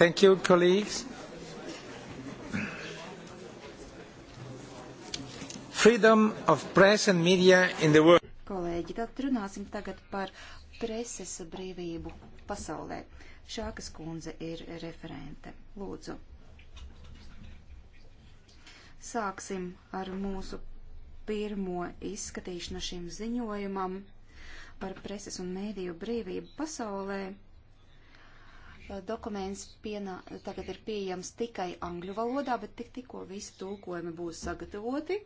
Thank you, colleagues. Freedom of press and media in the world. Kolēģi, tad runāsim tagad par preses brīvību pasaulē. Šākas kundze ir referente. Lūdzu. Sāksim ar mūsu pirmo izskatīšanu šim ziņojumam par preses un mēdīju brīvību pasaulē dokuments pienā, tagad ir pieejams tikai angļu valodā, bet tik tikko visi tulkojumi būs sagatavoti.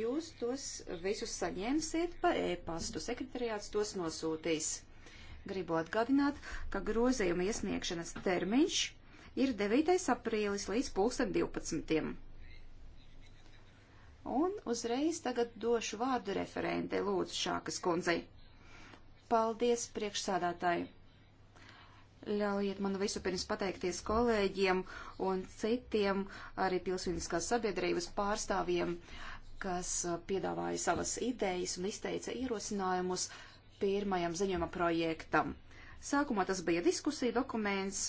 Jūs tos visus saņemsiet pa e-pastu. Sekretariāts tos nosūtīs. Gribu atgādināt, ka grozījuma iesniegšanas termiņš ir 9. aprīlis līdz 2012. Un uzreiz tagad došu vārdu referentei Lūdzu Šākas kundzei. Paldies priekšsādātāji! Ļaujiet man vispirms pateikties kolēģiem un citiem, arī pilsoniskās sabiedrības pārstāvjiem, kas uh, piedāvāja savas idejas un izteica ierosinājumus pirmajam ziņojuma projektam. Sākumā tas bija diskusija dokuments,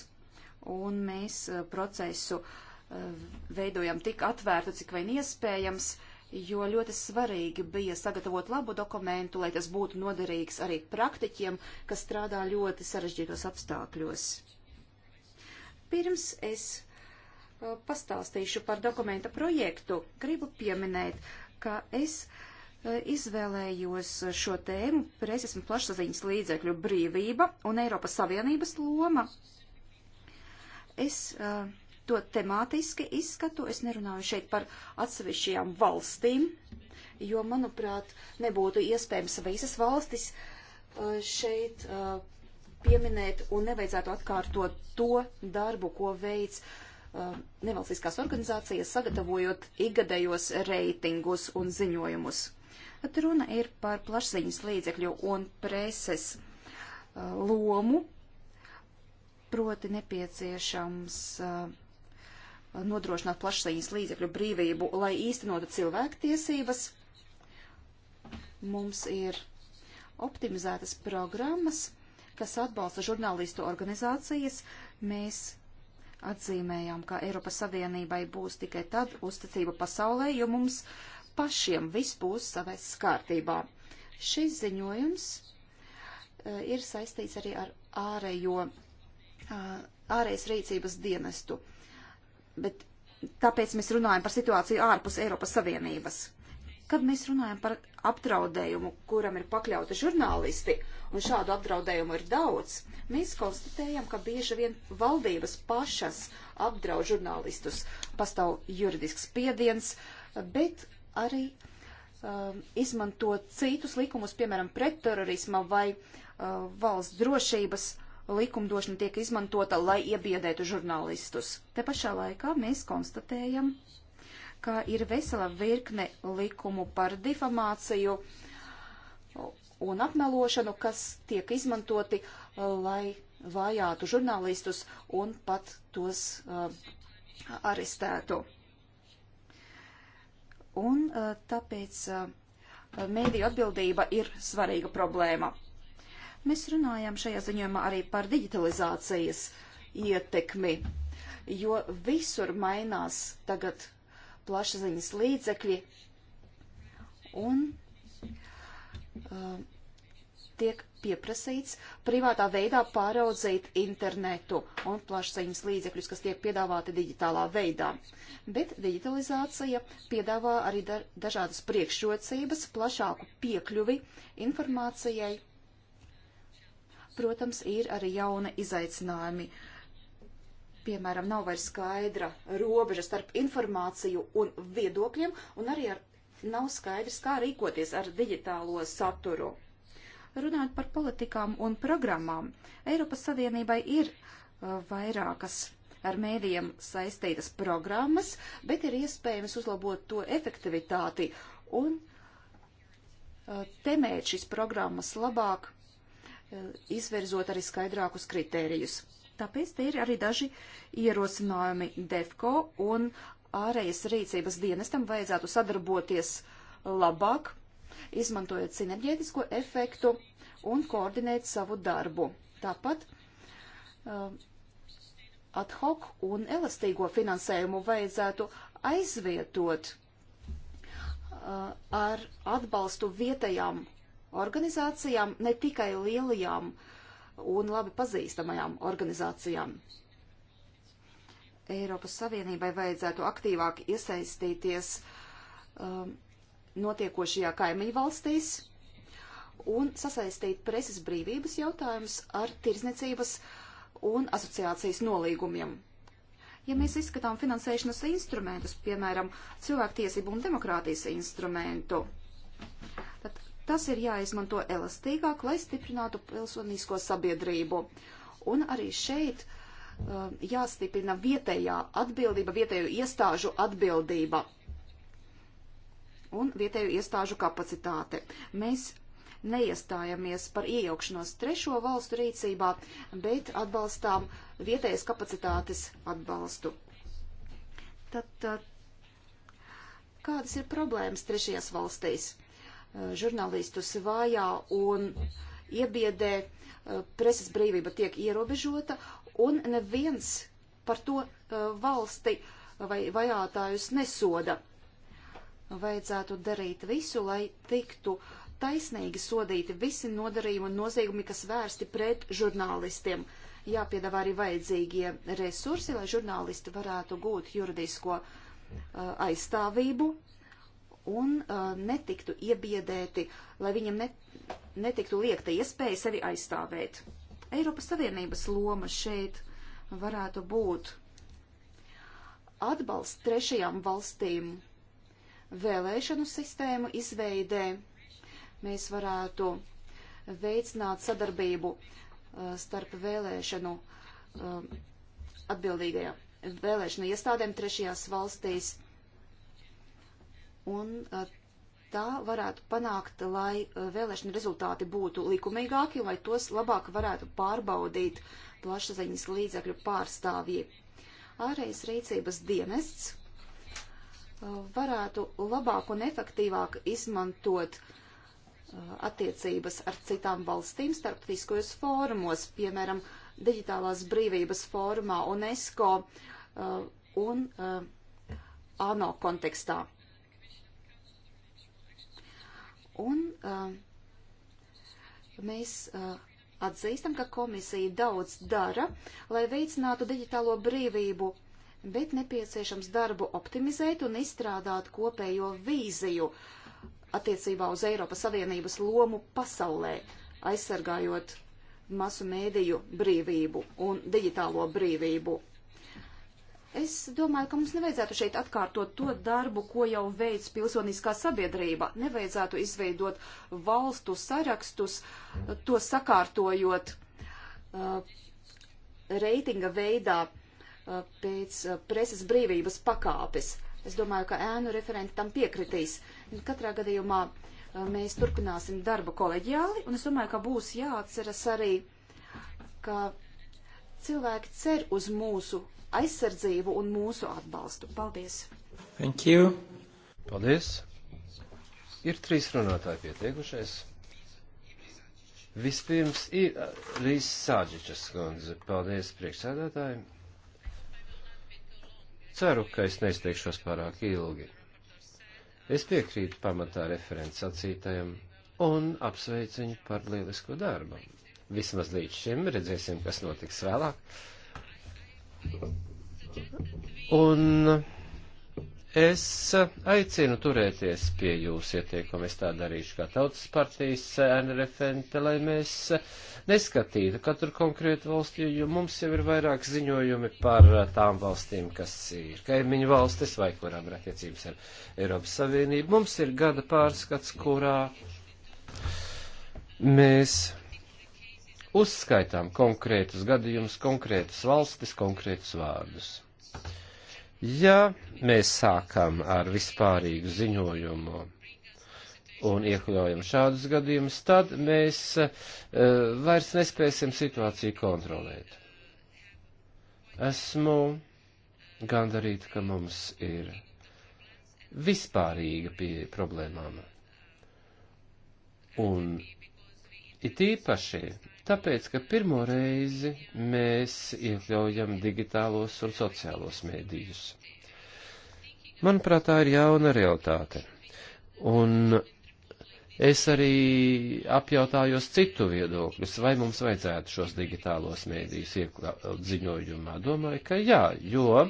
un mēs uh, procesu uh, veidojam tik atvērtu, cik vien iespējams. Uh, jo ļoti svarīgi bija sagatavot labu dokumentu, lai tas būtu noderīgs arī praktiķiem, kas strādā ļoti sarežģītos apstākļos. Pirms es uh, pastāstīšu par dokumenta projektu, gribu pieminēt, ka es uh, izvēlējos šo tēmu preses un plašsaziņas līdzekļu brīvība un Eiropas Savienības loma. Es uh, to temātiski izskatu. Es nerunāju šeit par atsevišķajām valstīm, jo, manuprāt, nebūtu iespējams visas valstis uh, šeit uh, pieminēt un nevajadzētu atkārtot to darbu, ko veids uh, nevalstiskās organizācijas sagatavojot ikgadējos reitingus un ziņojumus. Tad runa ir par plašsaziņas līdzekļu un preses lomu, proti nepieciešams uh, nodrošināt plašsaziņas līdzekļu brīvību, lai īstenotu cilvēktiesības. Mums ir optimizētas programmas, kas atbalsta žurnālistu organizācijas. Mēs atzīmējām, ka Eiropas Savienībai būs tikai tad uzticība pasaulē, jo mums pašiem viss būs savais kārtībā. Šis ziņojums e, ir saistīts arī ar ārējo, ārējas rīcības dienestu bet tāpēc mēs runājam par situāciju ārpus Eiropas Savienības. Kad mēs runājam par apdraudējumu, kuram ir pakļauti žurnālisti, un šādu apdraudējumu ir daudz, mēs konstatējam, ka bieži vien valdības pašas apdraud žurnālistus. Pastāv juridisks spiediens, bet arī um, izmanto citus likumus, piemēram, pretterorisma vai uh, valsts drošības uh, likumdošana tiek izmantota, lai iebiedētu žurnālistus. Te pašā laikā mēs konstatējam, ka ir vesela virkne likumu par difamāciju un apmelošanu, kas tiek izmantoti, uh, lai vajātu žurnālistus un pat tos uh, arestētu. Un uh, tāpēc uh, mēdīju atbildība ir svarīga problēma. Mēs runājam šajā ziņojumā arī par digitalizācijas ietekmi, jo visur mainās tagad plašsaziņas līdzekļi un uh, tiek pieprasīts privātā veidā pāraudzīt internetu un plašsaziņas līdzekļus, kas tiek piedāvāti digitālā veidā. Bet digitalizācija piedāvā arī dažādas priekšrocības, plašāku piekļuvi informācijai protams, ir arī jauni izaicinājumi. Piemēram, nav vairs skaidra robeža starp informāciju un viedokļiem, un arī ar, nav skaidrs, kā rīkoties ar digitālo saturu. Runājot par politikām un programmām, Eiropas Savienībai ir uh, vairākas ar mēdījiem saistītas programmas, bet ir iespējams uzlabot to efektivitāti un uh, temēt šīs programmas labāk izvirzot arī skaidrākus kritērijus. Tāpēc te ir arī daži ierosinājumi DEFCO un ārējas rīcības dienestam vajadzētu sadarboties labāk, izmantojot sinerģētisko efektu un koordinēt savu darbu. Tāpat uh, ad hoc un elastīgo finansējumu vajadzētu aizvietot uh, ar atbalstu vietējām organizācijām, ne tikai lielajām un labi pazīstamajām organizācijām. Eiropas Savienībai vajadzētu aktīvāk iesaistīties um, notiekošajā kaimiņu valstīs un sasaistīt preses brīvības jautājumus ar tirzniecības un asociācijas nolīgumiem. Ja mēs izskatām finansēšanas instrumentus, piemēram, cilvēktiesību un demokrātijas instrumentu, Tas ir jāizmanto elastīgāk, lai stiprinātu pilsonisko sabiedrību. Un arī šeit uh, jāstiprina vietējā atbildība, vietēju iestāžu atbildība un vietēju iestāžu kapacitāte. Mēs neiestājamies par iejaukšanos trešo valstu rīcībā, bet atbalstām vietējas kapacitātes atbalstu. Tad, tad kādas ir problēmas trešajās valstīs? Eh, žurnālistus vājā un iebiedē, eh, preses brīvība tiek ierobežota, un neviens par to eh, valsti vai vajātājus nesoda. Vajadzētu darīt visu, lai tiktu taisnīgi sodīti visi nodarījumi un noziegumi, kas vērsti pret žurnālistiem. Jāpiedāvā arī vajadzīgie resursi, lai žurnālisti varētu gūt juridisko uh, aizstāvību, un uh, netiktu iebiedēti, lai viņam ne, netiktu liekta iespēja sevi aizstāvēt. Eiropas Savienības loma šeit varētu būt atbalsts trešajām valstīm vēlēšanu sistēmu izveidē. Mēs varētu veicināt sadarbību uh, starp vēlēšanu uh, atbildīgajām vēlēšanu iestādēm trešajās valstīs un tā varētu panākt, lai vēlēšana rezultāti būtu likumīgāki, lai tos labāk varētu pārbaudīt plašsaziņas līdzakļu pārstāvji. Ārējas rīcības dienests varētu labāk un efektīvāk izmantot attiecības ar citām valstīm starptautiskajos fórumos, piemēram, Digitālās brīvības fórumā, UNESCO un ANO kontekstā. Un uh, mēs uh, atzīstam, ka komisija daudz dara, lai veicinātu digitālo brīvību, bet nepieciešams darbu optimizēt un izstrādāt kopējo vīziju attiecībā uz Eiropas Savienības lomu pasaulē, aizsargājot masu mēdīju brīvību un digitālo brīvību. Es domāju, ka mums nevajadzētu šeit atkārtot to darbu, ko jau veids pilsoniskā sabiedrība. Nevajadzētu izveidot valstu sarakstus, to sakārtojot uh, reitinga veidā uh, pēc uh, preses brīvības pakāpes. Es domāju, ka ēnu referenti tam piekritīs. Katrā gadījumā uh, mēs turpināsim darbu koleģiāli, un es domāju, ka būs jāatceras arī, ka cilvēki cer uz mūsu aizsardzību un mūsu atbalstu. Paldies! Thank you! Paldies! Ir trīs runātāji pieteikušies. Vispirms ir Rīs uh, Sāģičas kundze. Paldies priekšsēdētājiem! Ceru, ka es neizteikšos pārāk ilgi. Es piekrītu pamatā referents sacītajam un apsveicu viņu par lielisko darbu. Vismaz līdz šim redzēsim, kas notiks vēlāk. Un es aicinu turēties pie jūsu ieteikumiem. Es tā darīšu kā tautas partijas referente, lai mēs neskatītu katru konkrētu valsti, jo mums jau ir vairāk ziņojumi par tām valstīm, kas ir kaimiņu valstis vai kurām ir attiecības ar Eiropas Savienību. Mums ir gada pārskats, kurā mēs uzskaitām konkrētus gadījumus, konkrētas valstis, konkrētus vārdus. Ja mēs sākam ar vispārīgu ziņojumu un iekļaujam šādus gadījumus, tad mēs uh, vairs nespēsim situāciju kontrolēt. Esmu gandarīta, ka mums ir vispārīga pieeja problēmām. Un it īpaši Tāpēc, ka pirmo reizi mēs iekļaujam digitālos un sociālos mēdījus. Manuprāt, tā ir jauna realitāte. Un es arī apjautājos citu viedokļus, vai mums vajadzētu šos digitālos mēdījus iekļaut ziņojumā. Domāju, ka jā, jo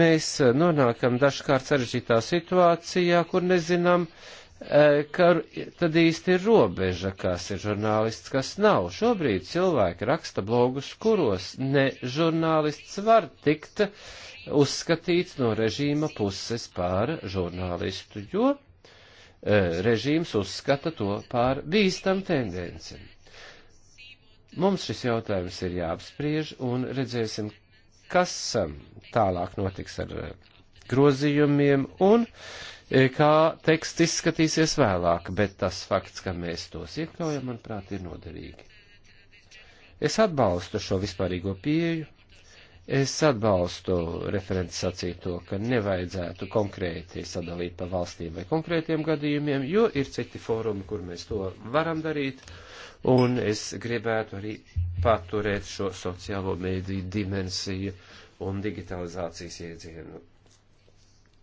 mēs nonākam dažkārt sarežģītā situācijā, kur nezinām, uh, Eh, ka tad īsti ir robeža, kas ir žurnālists, kas nav. Šobrīd cilvēki raksta blogus, kuros ne žurnālists var tikt uzskatīts no režīma puses par žurnālistu, jo eh, režīms uzskata to par bīstam tendenci. Mums šis jautājums ir jāapspriež un redzēsim, kas eh, tālāk notiks ar grozījumiem un uh, kā teksts izskatīsies vēlāk, bet tas fakts, ka mēs tos iekļaujam, manuprāt, ir noderīgi. Es atbalstu šo vispārīgo pieju. Es atbalstu referents sacīto, ka nevajadzētu konkrēti sadalīt pa valstīm vai konkrētiem gadījumiem, jo ir citi fórumi, kur mēs to varam darīt, un es gribētu arī paturēt šo sociālo mēdīju dimensiju un digitalizācijas iedzienu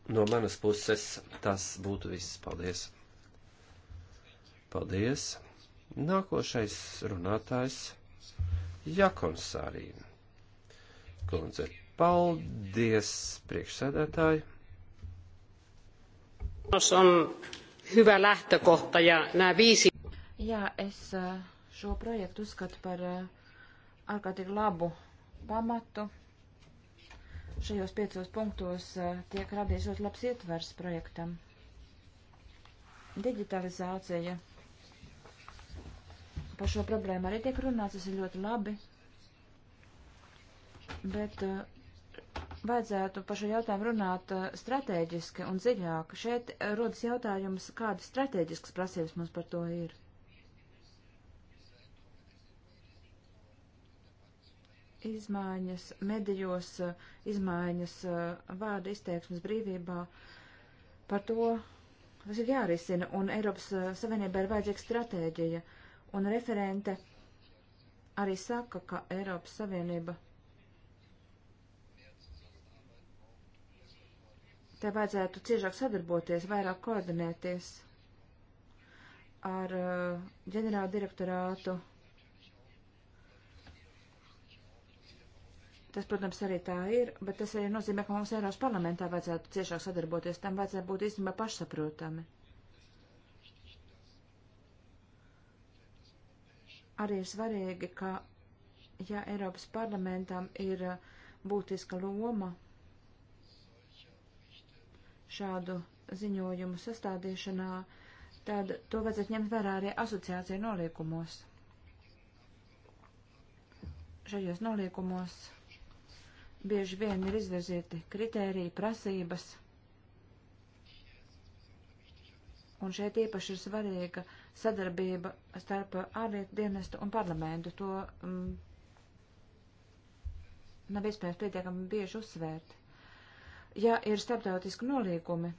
No manas puses tas būtu viss. Paldies! Paldies! Nākošais runātājs Jakonsārī. Kundze, paldies, priekšsēdētāji! on hyvä lähtökohta ja nämä viisi... Jā, es eh, šo projektu uzskatu par eh, ārkārtīgi labu pamatu šajos piecos punktos eh, tiek radies ļoti labs ietvers projektam. Digitalizācija. Par šo problēmu arī tiek runāts, tas ir ļoti labi. Bet uh, vajadzētu par šo jautājumu runāt uh, strateģiski un dziļāk. Šeit rodas jautājums, kādas strateģiskas prasības mums par to ir. izmaiņas medijos, izmaiņas uh, vārda izteiksmes brīvībā. Par to tas ir jārisina, un Eiropas uh, Savienībā ir vajadzīga stratēģija, un referente arī saka, ka Eiropas Savienība te vajadzētu ciešāk sadarboties, vairāk koordinēties ar uh, ģenerālu direktorātu Tas, protams, arī tā ir, bet tas arī nozīmē, ka mums Eiropas parlamentā vajadzētu ciešāk sadarboties. Tam vajadzētu būt īstenībā pašsaprotami. Arī ir svarīgi, ka, ja Eiropas parlamentam ir uh, būtiska loma šādu ziņojumu sastādīšanā, tad to vajadzētu ņemt vērā arī asociācija noliekumos. Šajos noliekumos bieži vien ir izvirzīti kritēriji, prasības. Un šeit īpaši ir svarīga sadarbība starp ārlietu dienestu un parlamentu. To mm, nav iespējams pietiekami bieži uzsvērt. Ja ir starptautiski nolīgumi,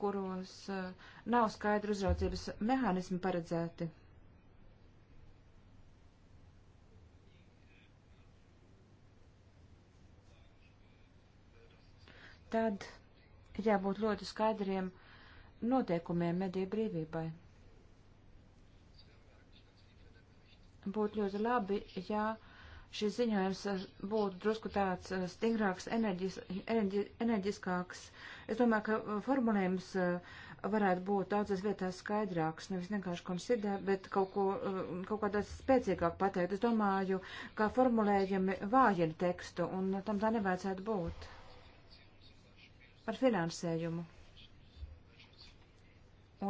kuros uh, nav skaidri uzraudzības mehānismi paredzēti, tad ir jābūt ļoti skaidriem noteikumiem mediju brīvībai. Būtu ļoti labi, ja šis ziņojums būtu drusku tāds eh, stingrāks, enerģis, enerģi, enerģiskāks. Es domāju, ka eh, formulējums eh, varētu būt daudzas vietās skaidrāks, nevis vienkārši konsider, bet kaut ko, kaut kā tāds spēcīgāk pateikt. Es domāju, ka formulējumi vājina tekstu, un tam tā nevajadzētu būt par finansējumu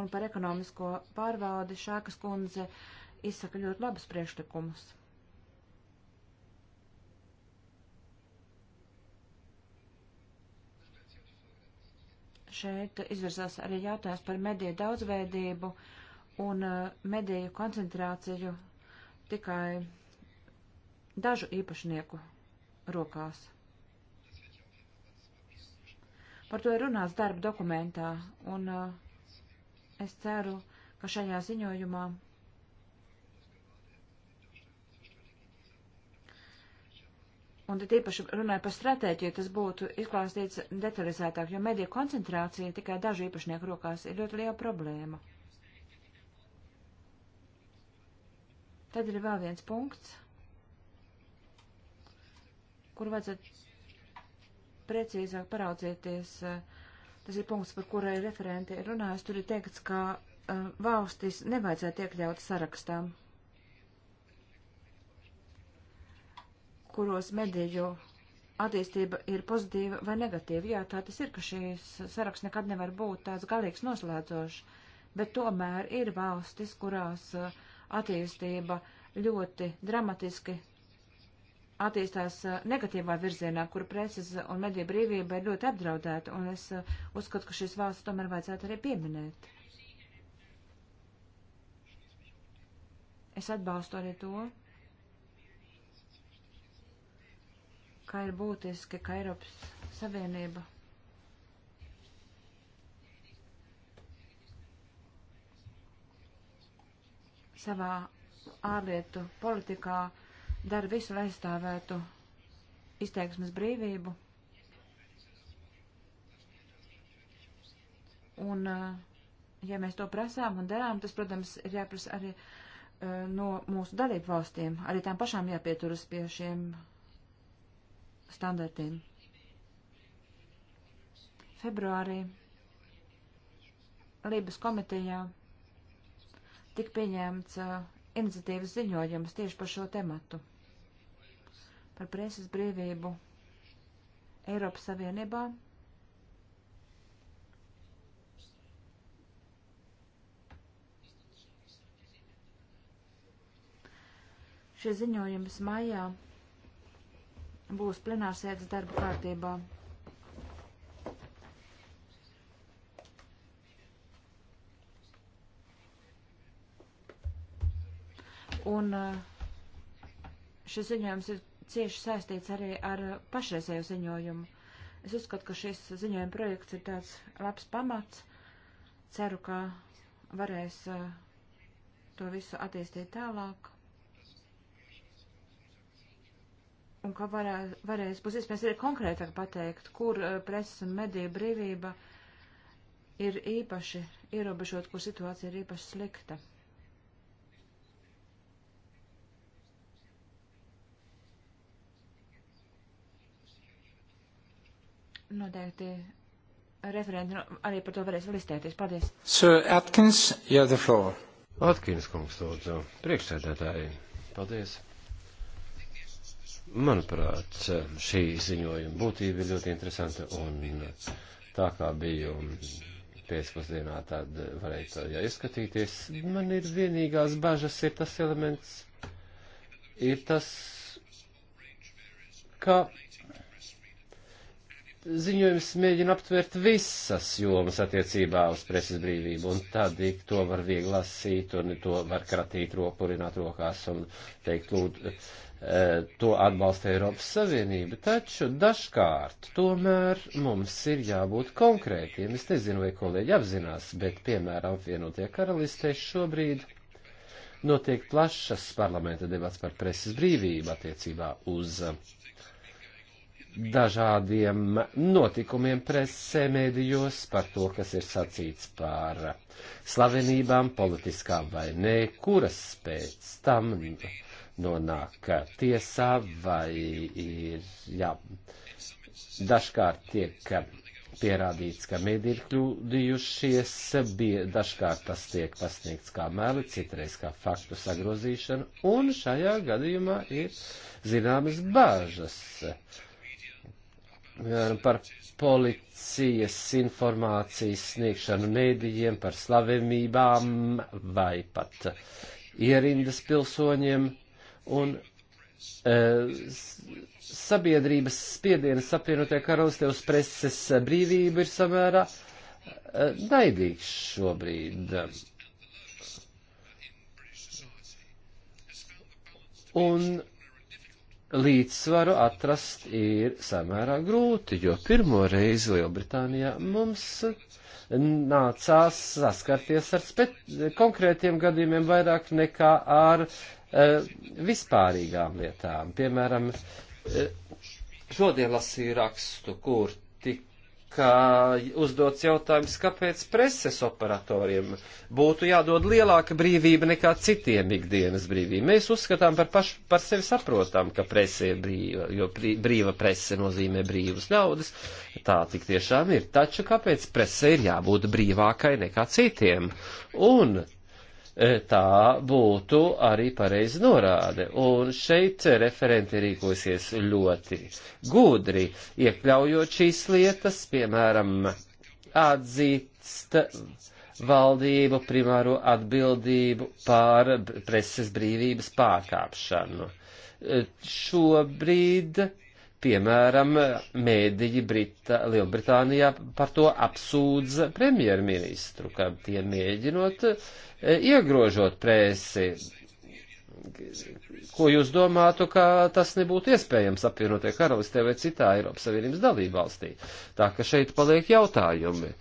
un par ekonomisko pārvaldi Šākas kundze izsaka ļoti labus priekšlikumus. Šeit izvirzās arī jautājums par mediju daudzveidību un uh, mediju koncentrāciju tikai dažu īpašnieku rokās. Par to ir runāts darba dokumentā, un uh, es ceru, ka šajā ziņojumā Un tad īpaši runāja par stratēģiju, tas būtu izklāstīts detalizētāk, jo mediju koncentrācija tikai dažu īpašnieku rokās ir ļoti liela problēma. Tad ir vēl viens punkts, kur vajadzētu precīzāk paraudzieties, eh, tas ir punkts, par kurai referenti runājas, tur ir teikts, ka uh, valstis nevajadzētu iekļaut sarakstā, kuros mediju attīstība ir pozitīva vai negatīva. Jā, tā tas ir, ka šīs saraksts nekad nevar būt tāds galīgs noslēdzošs, bet tomēr ir valstis, kurās eh, attīstība ļoti dramatiski attīstās eh, negatīvā virzienā, kur preces un mediju brīvība ir ļoti apdraudēta, un es eh, uzskatu, ka šīs valsts tomēr vajadzētu arī pieminēt. Es atbalstu arī to, kā ir būtiski, ka Eiropas Savienība savā ārlietu politikā dara visu, lai aizstāvētu izteiksmes brīvību. Un, eh, ja mēs to prasām un darām, tas, protams, ir jāprasa arī eh, no mūsu dalību valstīm. Arī tām pašām jāpieturas pie šiem standartiem. Februārī Lības komitejā tika pieņemts uh, iniciatīvas ziņojums tieši par šo tematu par preses brīvību Eiropas Savienībā. Šie ziņojums maijā būs plenārsēdes darba kārtībā. Un uh, šis ziņojums ir cieši saistīts arī ar pašreizēju ziņojumu. Es uzskatu, ka šis ziņojuma projekts ir tāds labs pamats. Ceru, ka varēs uh, to visu attīstīt tālāk. Un ka varē, varēs, būs iespējams arī konkrētāk pateikt, kur uh, presas un mediju brīvība ir īpaši ierobežot, kur situācija ir īpaši slikta. Noteikti referenti nu, arī par to varēs vēl izteikties. Paldies. Sir Atkins, you have the floor. Atkins kungs, lūdzu. Priekšsēdētāji, paldies. Manuprāt, šī ziņojuma būtība ir ļoti interesanta un tā kā biju pēcpusdienā, tad varēju to jau izskatīties. Man ir vienīgās bažas, ir tas elements, ir tas, ka ziņojums mēģina aptvert visas jomas attiecībā uz preses brīvību, un tad ik to var viegli lasīt, un to var kratīt, ropurināt rokās un teikt, lūdzu, eh, to atbalsta Eiropas Savienība. Taču dažkārt tomēr mums ir jābūt konkrētiem. Es nezinu, vai kolēģi apzinās, bet piemēram, vienotie karalistē šobrīd notiek plašas parlamenta debats par preses brīvību attiecībā uz uh, dažādiem notikumiem presē mēdījos, par to, kas ir sacīts par slavenībām, politiskām vai nē, kuras pēc tam nonāk tiesā vai ir, jā, dažkārt tiek pierādīts, ka mēdī ir kļūdījušies, bija dažkārt tas tiek pasniegts kā meli, citreiz kā faktu sagrozīšana, un šajā gadījumā ir zināmas bāžas par policijas informācijas sniegšanu mēdījiem, par slavemībām vai pat ierindas pilsoņiem. Un e, sabiedrības spiedienas apvienotie karalistē uz preses brīvību ir samērā e, naidīgs šobrīd. Un līdzsvaru atrast ir samērā grūti, jo pirmo reizi Lielbritānijā mums nācās saskarties ar konkrētiem gadījumiem vairāk nekā ar uh, vispārīgām lietām. Piemēram, uh, šodien lasīju rakstu, kur tik ka uzdots jautājums, kāpēc preses operatoriem būtu jādod lielāka brīvība nekā citiem ikdienas brīvība. Mēs uzskatām par, paš, par sevi saprotam, ka presē brīva, jo brīva prese nozīmē brīvas naudas. Tā tik tiešām ir. Taču kāpēc presē ir jābūt brīvākai nekā citiem? Un E, tā būtu arī pareizi norāde. Un šeit referenti rīkosies ļoti gudri, iekļaujot šīs lietas, piemēram, atzīst valdību primāro atbildību pār preses brīvības pārkāpšanu. E, šobrīd Piemēram, mēdīji Brita, Lielbritānijā par to apsūdza premjerministru, ka tie mēģinot e, iegrožot prēsi. Ko jūs domātu, ka tas nebūtu iespējams apvienotie karalistē vai citā Eiropas Savienības dalībvalstī? Tā ka šeit paliek jautājumi.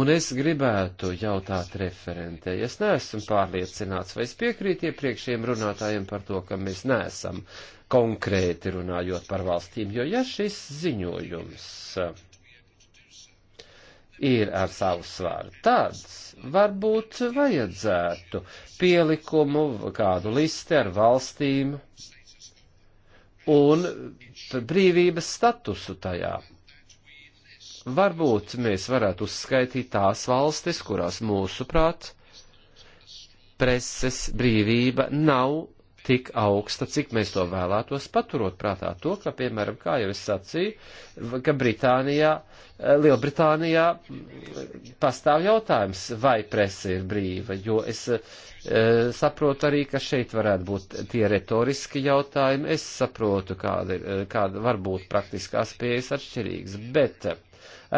Un es gribētu jautāt referentē, es neesmu pārliecināts, vai es piekrītu iepriekšējiem runātājiem par to, ka mēs neesam uh, konkrēti runājot par valstīm, jo ja šis ziņojums ir ar savu svaru, tad varbūt vajadzētu pielikumu kādu listi ar valstīm un brīvības statusu tajā. Varbūt mēs varētu uzskaitīt tās valstis, kurās mūsuprāt preses brīvība nav tik augsta, cik mēs to vēlētos, paturot prātā to, ka, piemēram, kā jau es sacīju, ka Britānijā, eh, Lielbritānijā mm, pastāv jautājums, vai presa ir brīva, jo es e, saprotu arī, ka šeit varētu būt tie retoriski jautājumi, es saprotu, kāda, eh, kāda var būt praktiskās pieejas atšķirīgas, bet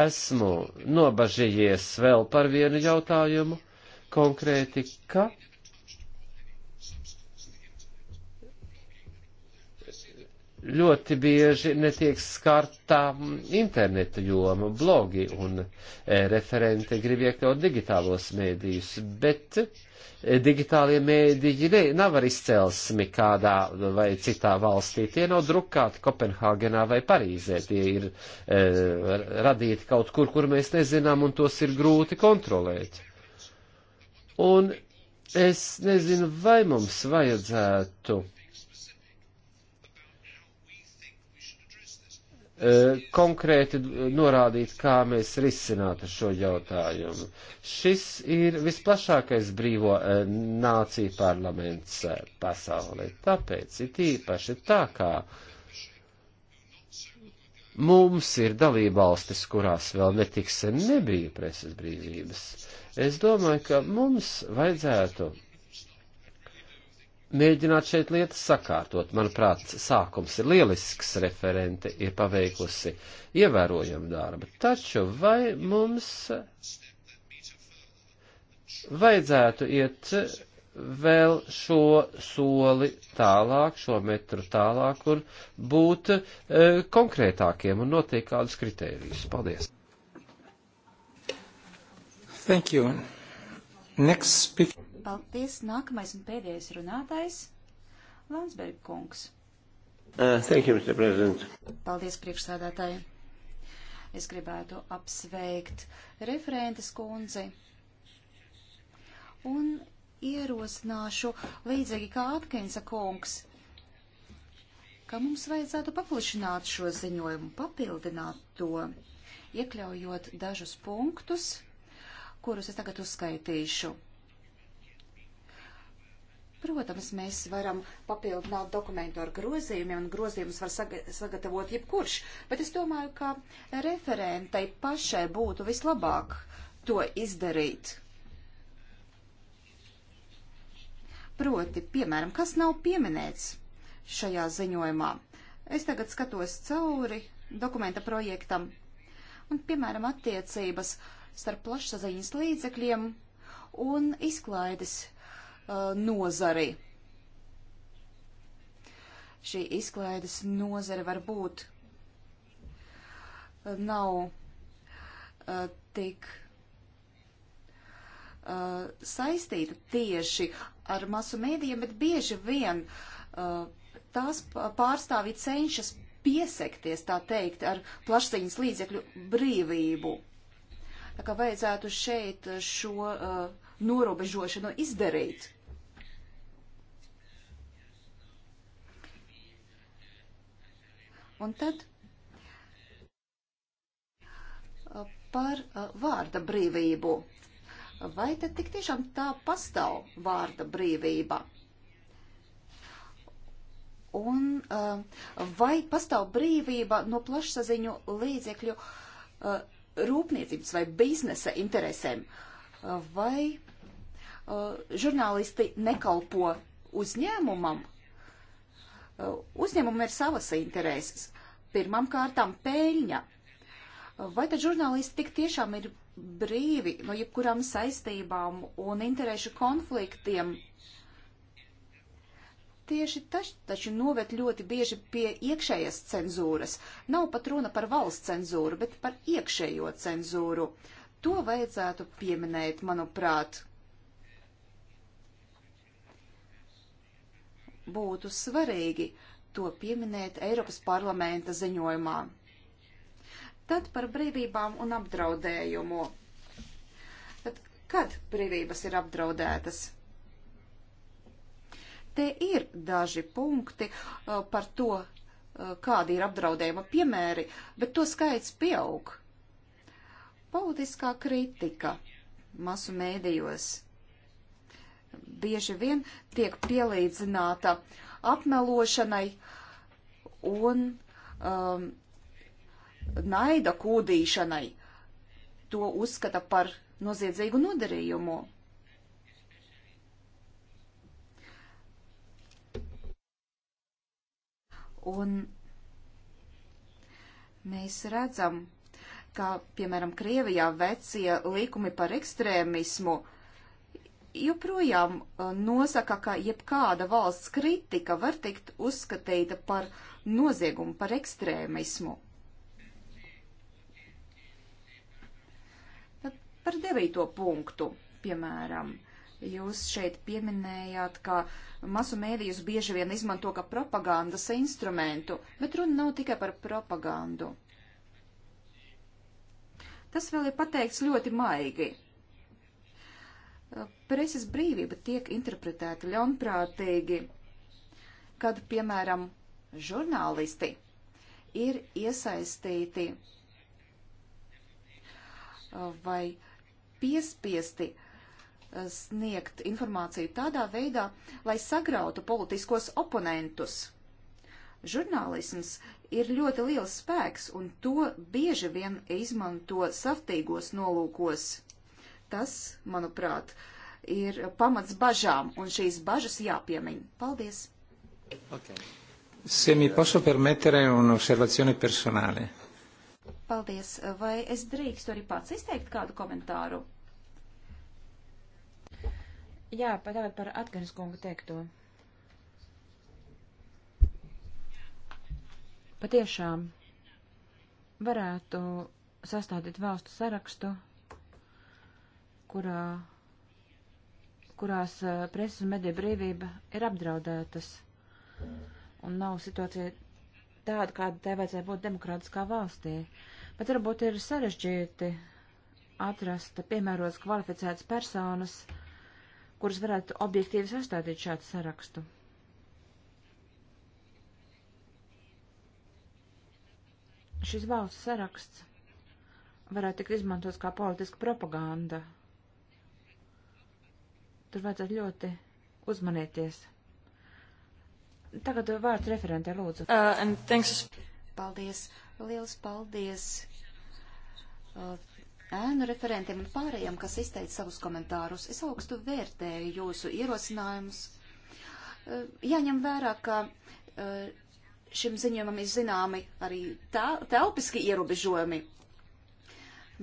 esmu nobažījies vēl par vienu jautājumu konkrēti, ka ļoti bieži netiek skartā interneta joma, blogi un e, referenti grib iekļaut digitālos mēdījus, bet e, digitālie mēdīji ne, nav ar izcelsmi kādā vai citā valstī. Tie nav drukāti Kopenhāgenā vai Parīzē. Tie ir e, radīti kaut kur, kur mēs nezinām, un tos ir grūti kontrolēt. Un es nezinu, vai mums vajadzētu Eh, konkrēti norādīt, kā mēs risinātu šo jautājumu. Šis ir visplašākais brīvo eh, nāciju parlaments eh, pasaulē. Tāpēc ir tīpaši tā, kā mums ir dalībvalstis, kurās vēl netiksen nebija preses brīvības. Es domāju, ka mums vajadzētu mēģināt šeit lietas sakārtot. Manuprāt, sākums ir lielisks, referente ir paveikusi ievērojamu darbu. Taču vai mums vajadzētu iet vēl šo soli tālāk, šo metru tālāk un būt e, konkrētākiem un noteikt kādus kritērijus? Paldies! Thank you. Next speaker. Paldies. Nākamais un pēdējais runātājs - Landsberg kungs. Uh, thank you, Mr. President. Paldies, priekšsādātāji. Es gribētu apsveikt referentes kundzi un ierosināšu līdzīgi kā Atkinsa kungs, ka mums vajadzētu paplašināt šo ziņojumu, papildināt to, iekļaujot dažus punktus, kurus es tagad uzskaitīšu. Protams, mēs varam papildināt dokumentu ar grozījumiem, un grozījumus var saga sagatavot jebkurš, bet es domāju, ka referentai pašai būtu vislabāk to izdarīt. Proti, piemēram, kas nav pieminēts šajā ziņojumā. Es tagad skatos cauri dokumenta projektam, un, piemēram, attiecības starp plašsaziņas līdzekļiem un izklaides Uh, nozari. Šī izklaides nozare var būt uh, nav uh, tik saistīta tieši ar masu mēdījiem, bet bieži vien tās pārstāvji cenšas piesekties, tā teikt, ar plašsaziņas līdzekļu brīvību. Tā kā vajadzētu šeit šo uh, norobežošanu izdarīt. Un tad uh, par uh, vārda brīvību. Vai tad tik tiešām tā pastāv vārda brīvība? Un uh, vai pastāv brīvība no plašsaziņu līdzekļu rūpniecības vai biznesa interesēm? Uh, vai žurnālisti nekalpo uzņēmumam. Uzņēmumam ir savas intereses. Pirmam kārtām peļņa. Vai tad žurnālisti tik tiešām ir brīvi no jebkurām saistībām un interešu konfliktiem? Tieši tas taču noved ļoti bieži pie iekšējas cenzūras. Nav pat runa par valsts cenzūru, bet par iekšējo cenzūru. Uh, To vajadzētu pieminēt, manuprāt. Būtu svarīgi to pieminēt Eiropas parlamenta ziņojumā. Tad par brīvībām un apdraudējumu. Tad kad brīvības ir apdraudētas? Te ir daži punkti uh, par to, uh, kādi ir apdraudējuma piemēri, bet to skaits pieaug. Politiskā kritika masu mēdījos bieži vien tiek pielīdzināta apmelošanai un um, naida kūdīšanai. To uzskata par noziedzīgu nodarījumu. Un mēs redzam, kā piemēram Krievijā vecie likumi par ekstrēmismu joprojām uh, nosaka, ka jebkāda valsts kritika var tikt uzskatīta par noziegumu, par ekstrēmismu. Tad par devīto punktu, piemēram, jūs šeit pieminējāt, ka masu mēdījus bieži vien izmanto kā propagandas instrumentu, bet runa nav tikai par propagandu. Tas vēl ir pateikts ļoti maigi. Preses brīvība tiek interpretēta ļaunprātīgi, kad, piemēram, žurnālisti ir iesaistīti uh, vai piespiesti uh, sniegt informāciju tādā veidā, lai sagrautu politiskos oponentus. Žurnālisms ir ļoti liels spēks, un to bieži vien izmanto saftīgos nolūkos. Tas, manuprāt, ir pamats bažām, un šīs bažas jāpiemiņ. Paldies! Okay. Se mi posso permettere un'osservazione personale. Paldies. Vai es drīkstu arī pats izteikt kādu komentāru? Jā, tagad par Atgaras kungu teikto. patiešām varētu sastādīt valstu sarakstu, kurā, kurās eh, preses un mediju brīvība ir apdraudētas un nav situācija tāda, kāda tai vajadzēja būt demokrātiskā valstī. Bet varbūt ir sarežģīti atrast piemērotas kvalificētas personas, kuras varētu objektīvi sastādīt šādu sarakstu. šis valsts saraksts varētu tikt izmantots kā politiska propaganda. Tur vajadzētu ļoti uzmanieties. Tagad vārds referentē lūdzu. Uh, paldies. Liels paldies uh, ēnu referentiem un pārējiem, kas izteica savus komentārus. Es augstu vērtēju jūsu ierosinājumus. Uh, jāņem vērā, ka uh, šim ziņojumam ir zināmi arī tā, telpiski ierobežojumi,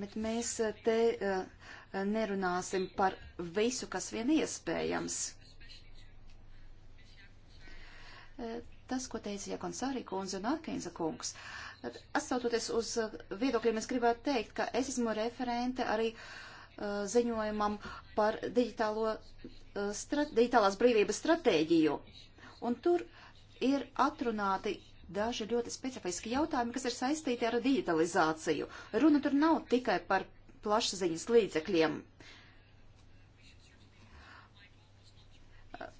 bet mēs eh, te uh, nerunāsim par visu, kas vien iespējams. Uh, tas, ko teica Jakonsārī kundze un Arkenza kungs. Atsautoties uz viedokļiem, es gribētu teikt, ka es esmu referente arī uh, ziņojumam par digitālo, stra, digitālās brīvības stratēģiju. Un tur uh, ir atrunāti daži ļoti specifiski jautājumi, kas ir saistīti ar digitalizāciju. Runa tur nav tikai par plašsaziņas līdzekļiem.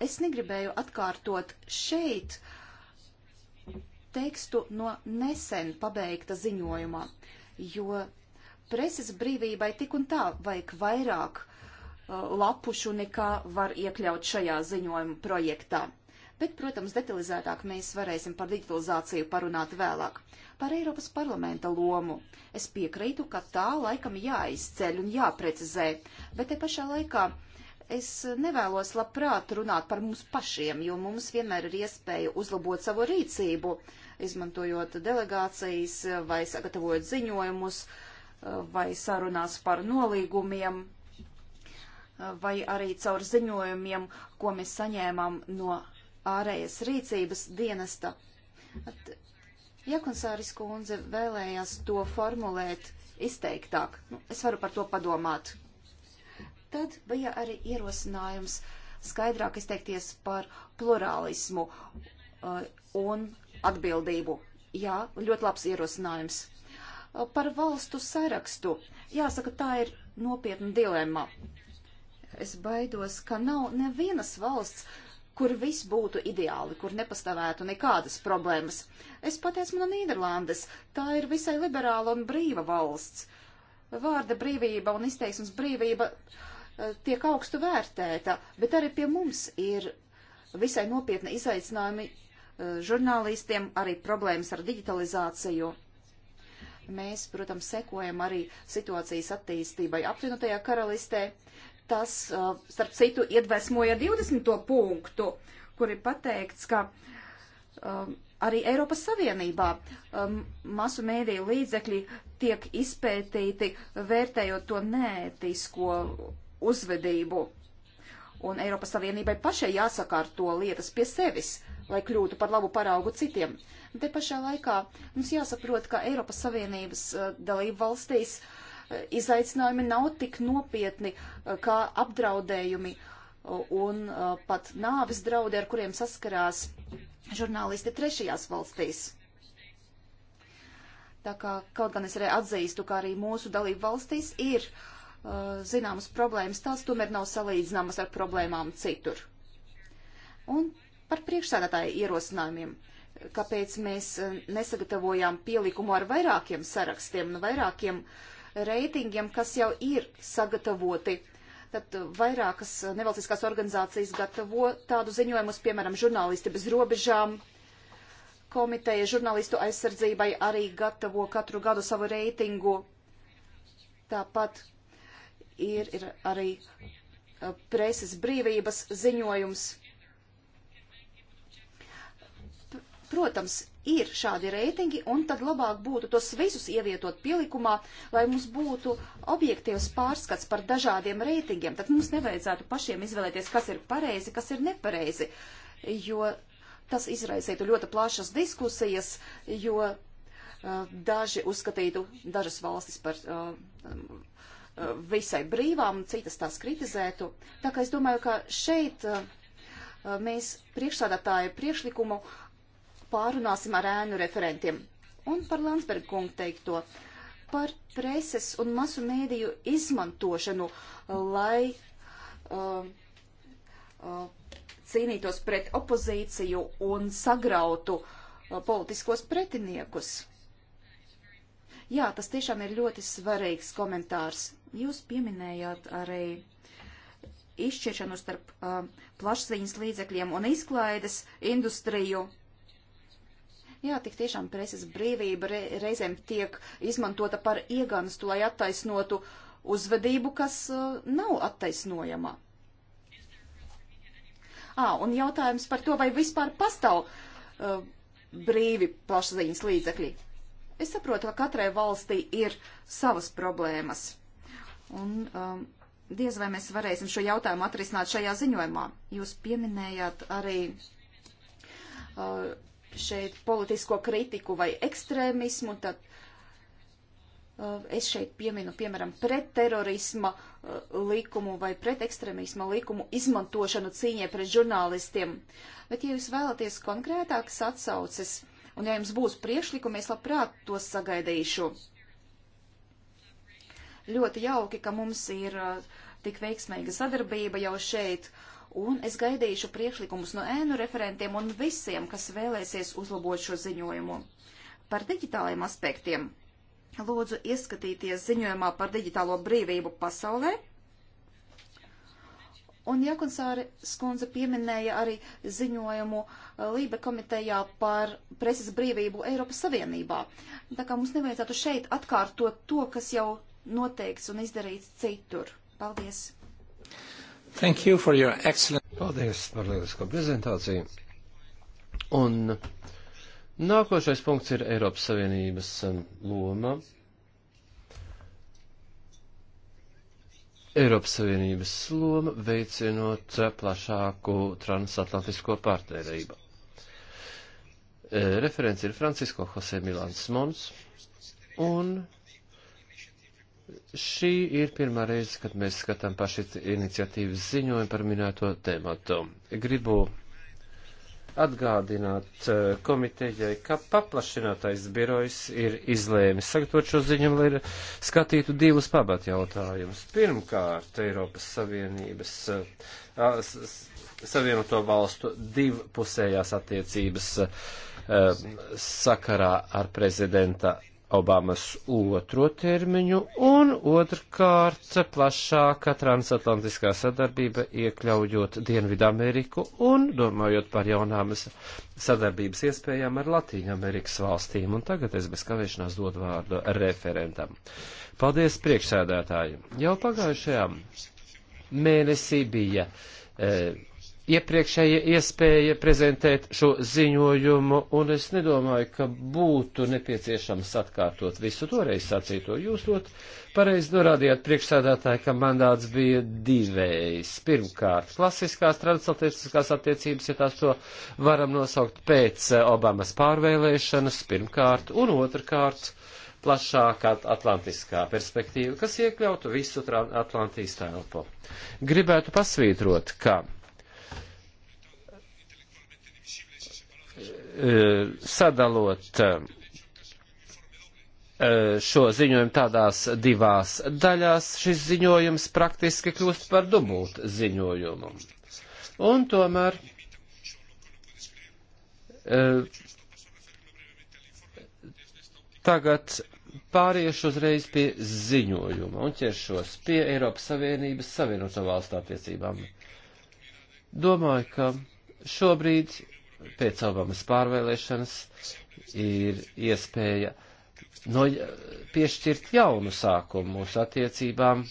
Es negribēju atkārtot šeit tekstu no nesen pabeigta ziņojuma, jo preses brīvībai tik un tā vajag vairāk uh, lapušu nekā var iekļaut šajā ziņojuma projektā bet, protams, detalizētāk mēs varēsim par digitalizāciju parunāt vēlāk. Par Eiropas parlamenta lomu. Es piekrītu, ka tā laikam jāizceļ un jāprecizē, bet te pašā laikā es nevēlos labprāt runāt par mums pašiem, jo mums vienmēr ir iespēja uzlabot savu rīcību, izmantojot delegācijas vai sagatavojot ziņojumus vai sarunās par nolīgumiem, vai arī caur ziņojumiem, ko mēs saņēmām no ārējas rīcības dienesta. At, Jekonsāris kundze vēlējās to formulēt izteiktāk. Nu, es varu par to padomāt. Tad bija arī ierosinājums skaidrāk izteikties par plurālismu uh, un atbildību. Jā, ļoti labs ierosinājums. Uh, par valstu sarakstu. Jāsaka, tā ir nopietna dilemma. Es baidos, ka nav nevienas valsts, uh, kur viss būtu ideāli, kur nepastāvētu nekādas problēmas. Es pat esmu no Nīderlandes. Tā ir visai liberāla un brīva valsts. Vārda brīvība un izteiksmes brīvība eh, tiek augstu vērtēta, bet arī pie mums ir visai nopietni izaicinājumi eh, žurnālistiem, arī problēmas ar digitalizāciju. Mēs, protams, sekojam arī situācijas attīstībai apvienotajā karalistē. Uh, Tas, uh, starp citu, iedvesmoja 20. punktu, kur ir pateikts, ka um, arī Eiropas Savienībā um, masu mēdīju līdzekļi tiek izpētīti, vērtējot to nētisko uzvedību. Un Eiropas Savienībai pašai jāsakārto lietas pie sevis, lai kļūtu par labu paraugu citiem. Te pašā laikā mums jāsaprot, ka Eiropas Savienības uh, dalību valstīs uh, izaicinājumi nav tik nopietni uh, kā apdraudējumi uh, un uh, pat nāves draudi, ar kuriem saskarās žurnālisti trešajās valstīs. Tā kā kaut gan es arī atzīstu, ka arī mūsu dalību valstīs ir uh, zināmas problēmas, tās tomēr nav salīdzināmas ar problēmām citur. Un par priekšsēdētāju ierosinājumiem, kāpēc mēs nesagatavojām pielikumu ar vairākiem sarakstiem un vairākiem uh, reitingiem, kas jau ir sagatavoti. Tad vairākas nevalstiskās organizācijas gatavo tādu ziņojumus, piemēram, žurnālisti bez robežām. Komiteja žurnālistu aizsardzībai arī gatavo katru gadu savu reitingu. Tāpat ir, ir arī eh, preses brīvības ziņojums Protams, ir šādi reitingi, un tad labāk būtu tos visus ievietot pielikumā, lai mums būtu objektīvs pārskats par dažādiem reitingiem. Tad mums nevajadzētu pašiem izvēlēties, kas ir pareizi, kas ir nepareizi, jo tas izraisītu ļoti plašas diskusijas, jo uh, daži uzskatītu dažas valstis par. Uh, uh, visai brīvām, citas tās kritizētu. Tā kā es domāju, ka šeit uh, uh mēs priekšsādātāju priekšlikumu pārunāsim ar ēnu referentiem. Un par Landsbergu kungu teikto par preses un masu mēdīju izmantošanu, lai uh, uh, cīnītos pret opozīciju un sagrautu uh, politiskos pretiniekus. Jā, tas tiešām ir ļoti svarīgs komentārs. Jūs pieminējāt arī izšķiršanu starp uh, plašsaziņas līdzekļiem un izklaides industriju. Jā, tik tiešām preses brīvība re, reizēm tiek izmantota par iegānstu, lai attaisnotu uzvedību, kas uh, nav attaisnojama. Ā, un jautājums par to, vai vispār pastāv uh, brīvi plašsaziņas līdzekļi. Es saprotu, ka katrai valstī ir savas problēmas. Un, um, diez vai mēs varēsim šo jautājumu atrisināt šajā ziņojumā. Jūs pieminējāt arī uh, šeit politisko kritiku vai ekstrēmismu, tad uh, es šeit pieminu, piemēram, pretterorisma uh, likumu vai pretekstrēmisma likumu izmantošanu cīņai pret žurnālistiem. Bet, ja jūs vēlaties konkrētākas atsauces, un ja jums būs priekšlikumi, es labprāt tos sagaidīšu. Ļoti jauki, ka mums ir uh, tik veiksmīga sadarbība jau šeit. Uh, un es gaidīšu priekšlikumus no ēnu referentiem un visiem, kas vēlēsies uzlabot šo ziņojumu. Par digitālajiem aspektiem. Lūdzu ieskatīties ziņojumā par digitālo brīvību pasaulē. Un Jakonsāri skundze pieminēja arī ziņojumu uh, Lībe komitejā par preses brīvību Eiropas Savienībā. Tā kā mums nevajadzētu šeit atkārtot to, kas jau noteikts un izdarīts citur. Paldies! Thank you for your excellent... Paldies par lielisko prezentāciju. Un nākošais punkts ir Eiropas Savienības um, loma. Eiropas Savienības loma veicinot uh, plašāku transatlantisko partnerību. Uh, referents ir Francisko Jose Milans Mons, un Šī ir pirmā reize, kad mēs skatām paši iniciatīvas ziņojumu par minēto tēmatu. Gribu atgādināt eh, komitejai, ka paplašinātais birojs ir izlēmis sagatavot šo ziņu, lai skatītu divus pabat jautājumus. Pirmkārt, Eiropas Savienības eh, Savienoto valstu divpusējās attiecības eh, sakarā ar prezidenta Obamas otro termiņu, un otrkārt plašāka transatlantiskā sadarbība iekļaujot Dienvidu Ameriku un domājot par jaunām sadarbības iespējām ar Latīņu Amerikas valstīm. Un tagad es bez kavēšanās dodu vārdu referentam. Paldies priekšsēdētājiem. Jau pagājušajā mēnesī bija. Eh, iepriekšēja iespēja prezentēt šo ziņojumu, un es nedomāju, ka būtu nepieciešams atkārtot visu toreiz sacīto. Jūs ļoti pareizi norādījāt priekšsēdētāji, ka mandāts bija divējs. Pirmkārt, klasiskās transatlantiskās attiecības, ja tās to varam nosaukt pēc Obamas pārvēlēšanas, pirmkārt, un otrkārt, plašākā atlantiskā perspektīva, kas iekļautu visu Atlantijas telpu. Gribētu pasvītrot, ka Eh, sadalot eh, šo ziņojumu tādās divās daļās, šis ziņojums praktiski kļūst par dubult ziņojumu. Un tomēr eh, tagad pāriešu uzreiz pie ziņojuma un ķeršos pie Eiropas Savienības Savienoto valstu attiecībām. Domāju, ka šobrīd pēc Obamas pārvēlēšanas ir iespēja no, piešķirt jaunu sākumu mūsu attiecībām,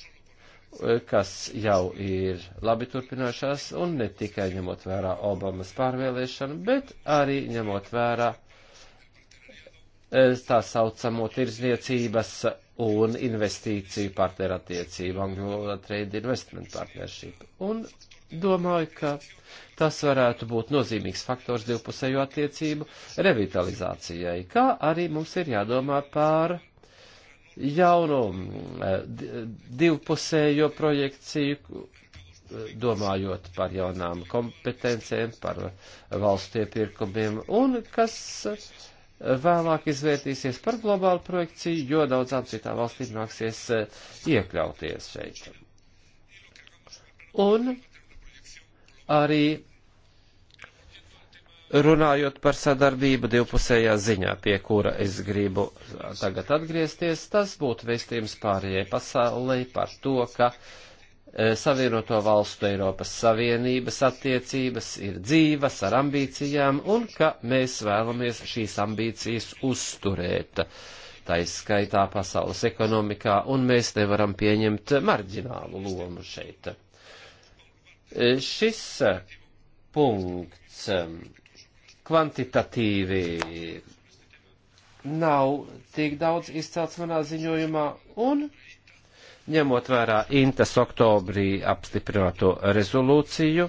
kas jau ir labi turpinājušās, un ne tikai ņemot vērā Obamas pārvēlēšanu, bet arī ņemot vērā eh, tā saucamo tirzniecības un investīciju partnerattiecību, Angola Trade Investment Partnership. Un domāju, ka tas varētu būt nozīmīgs faktors divpusējo attiecību revitalizācijai, kā arī mums ir jādomā par jaunu eh, divpusējo projekciju, domājot par jaunām kompetencēm, par valstu iepirkumiem, un kas vēlāk izvērtīsies par globālu projekciju, jo daudzām citām valstīm nāksies eh, iekļauties šeit. Un arī runājot par sadarbību divpusējā ziņā, pie kura es gribu tagad atgriezties, tas būtu vēstījums pārējai pasaulē par to, ka uh, Eh, savienoto valstu Eiropas Savienības attiecības ir dzīvas ar ambīcijām un ka mēs vēlamies šīs ambīcijas uzturēt. Tā izskaitā pasaules ekonomikā un mēs nevaram pieņemt marģinālu lomu šeit. Eh, šis eh, punkts kvantitatīvi nav tik daudz izcelts manā ziņojumā un ņemot vērā Intas oktobrī apstiprināto rezolūciju,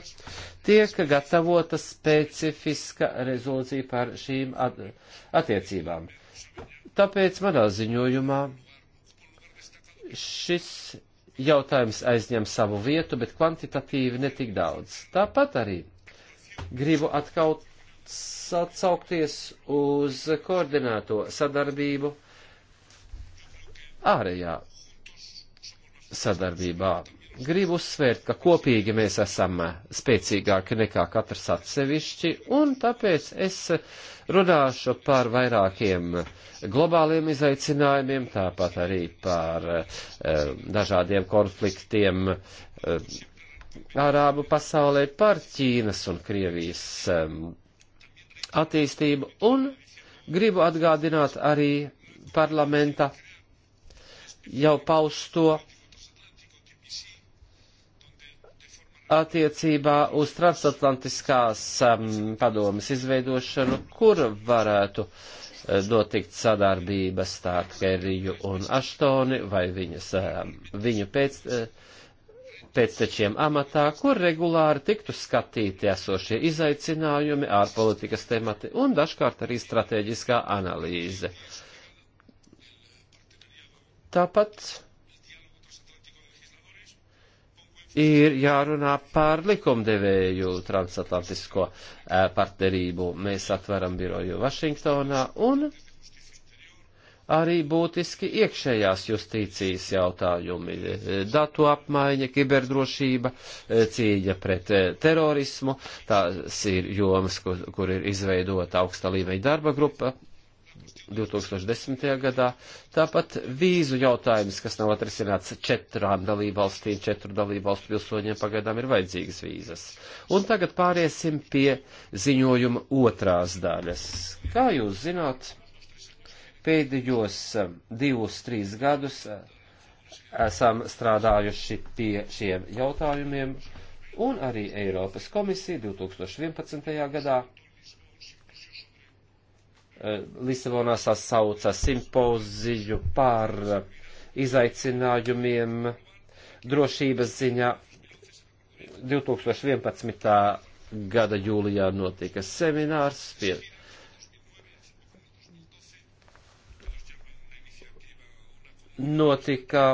tiek gatavota specifiska rezolūcija par šīm at attiecībām. Tāpēc manā ziņojumā šis jautājums aizņem savu vietu, bet kvantitatīvi netik daudz. Tāpat arī gribu atkal atsaukties uz koordinēto sadarbību ārējā sadarbībā. Gribu uzsvērt, ka kopīgi mēs esam spēcīgāki nekā katrs atsevišķi, un tāpēc es runāšu par vairākiem globāliem izaicinājumiem, tāpat arī par e, dažādiem konfliktiem e, eh, Ārābu pasaulē, par Ķīnas un Krievijas e, attīstību, un gribu atgādināt arī parlamenta jau pausto attiecībā uz transatlantiskās um, padomas izveidošanu, kur varētu notikt uh, sadarbība starp Keriju un Aštoni vai viņas, um, viņu pēc. Uh, pēctečiem amatā, kur regulāri tiktu skatīti esošie izaicinājumi, ārpolitikas temati un dažkārt arī strateģiskā analīze. Tāpat ir jārunā par likumdevēju transatlantisko partnerību. Mēs atveram biroju Vašingtonā un arī būtiski iekšējās justīcijas jautājumi - datu apmaiņa, kiberdrošība, cīņa pret terorismu. Tās ir jomas, kur, kur ir izveidota augsta līmeņa darba grupa 2010. gadā. Tāpat vīzu jautājums, kas nav atrisināts četrām dalībvalstīm, četru dalībvalstu pilsoņiem pagaidām ir vajadzīgas vīzas. Un tagad pāriesim pie ziņojuma otrās daļas. Kā jūs zināt, pēdējos um, divus, trīs gadus uh, esam strādājuši pie šiem jautājumiem, un arī Eiropas komisija 2011. gadā Eh, Lisabonā sasauca simpoziju par izaicinājumiem drošības ziņā. 2011. gada jūlijā notika seminārs pie notika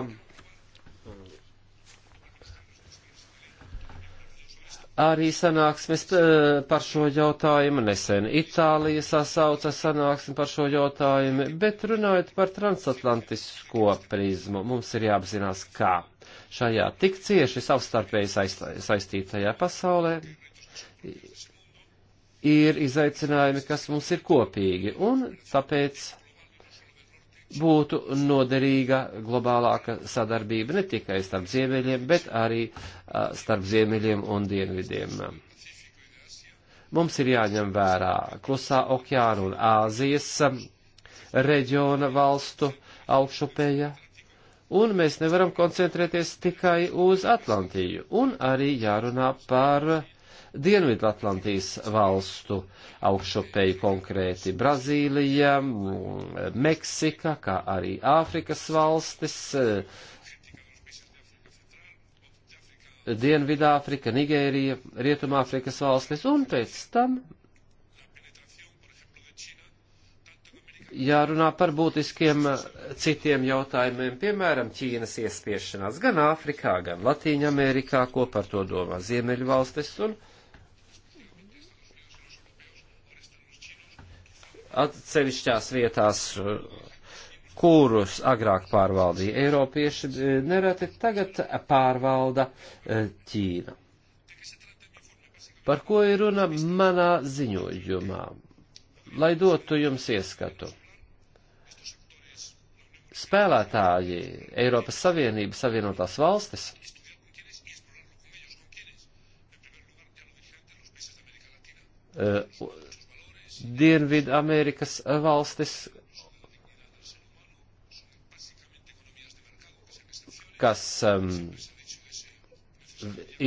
arī sanāksmes eh, par šo jautājumu, nesen Itālija sasauca sanāksmi par šo jautājumu, bet runājot par transatlantisko prizmu, mums ir jāapzinās, kā šajā tik cieši savstarpēji saistītajā pasaulē ir izaicinājumi, kas mums ir kopīgi, un tāpēc būtu noderīga globālāka sadarbība ne tikai starp ziemeļiem, bet arī starp ziemeļiem un dienvidiem. Mums ir jāņem vērā klusā okeāna un Āzijas reģiona valstu augšupēja, un mēs nevaram koncentrēties tikai uz Atlantiju, un arī jārunā par uh, Dienvidatlantijas valstu augšupeju konkrēti Brazīlija, Meksika, kā arī Āfrikas valstis, e, Dienvidāfrika, Nigērija, Rietumāfrikas valstis un pēc tam jārunā par būtiskiem citiem jautājumiem, piemēram, Ķīnas iespiešanās gan Āfrikā, gan Latīņamerikā, ko par to domā Ziemeļvalstis un Latvijas atsevišķās vietās, kurus agrāk pārvaldīja Eiropieši, e, nereti tagad pārvalda e, Ķīna. Par ko ir runa manā ziņojumā? Lai dotu jums ieskatu. Spēlētāji Eiropas Savienības Savienotās valstis uh, Dienvidu Amerikas valstis, kas um,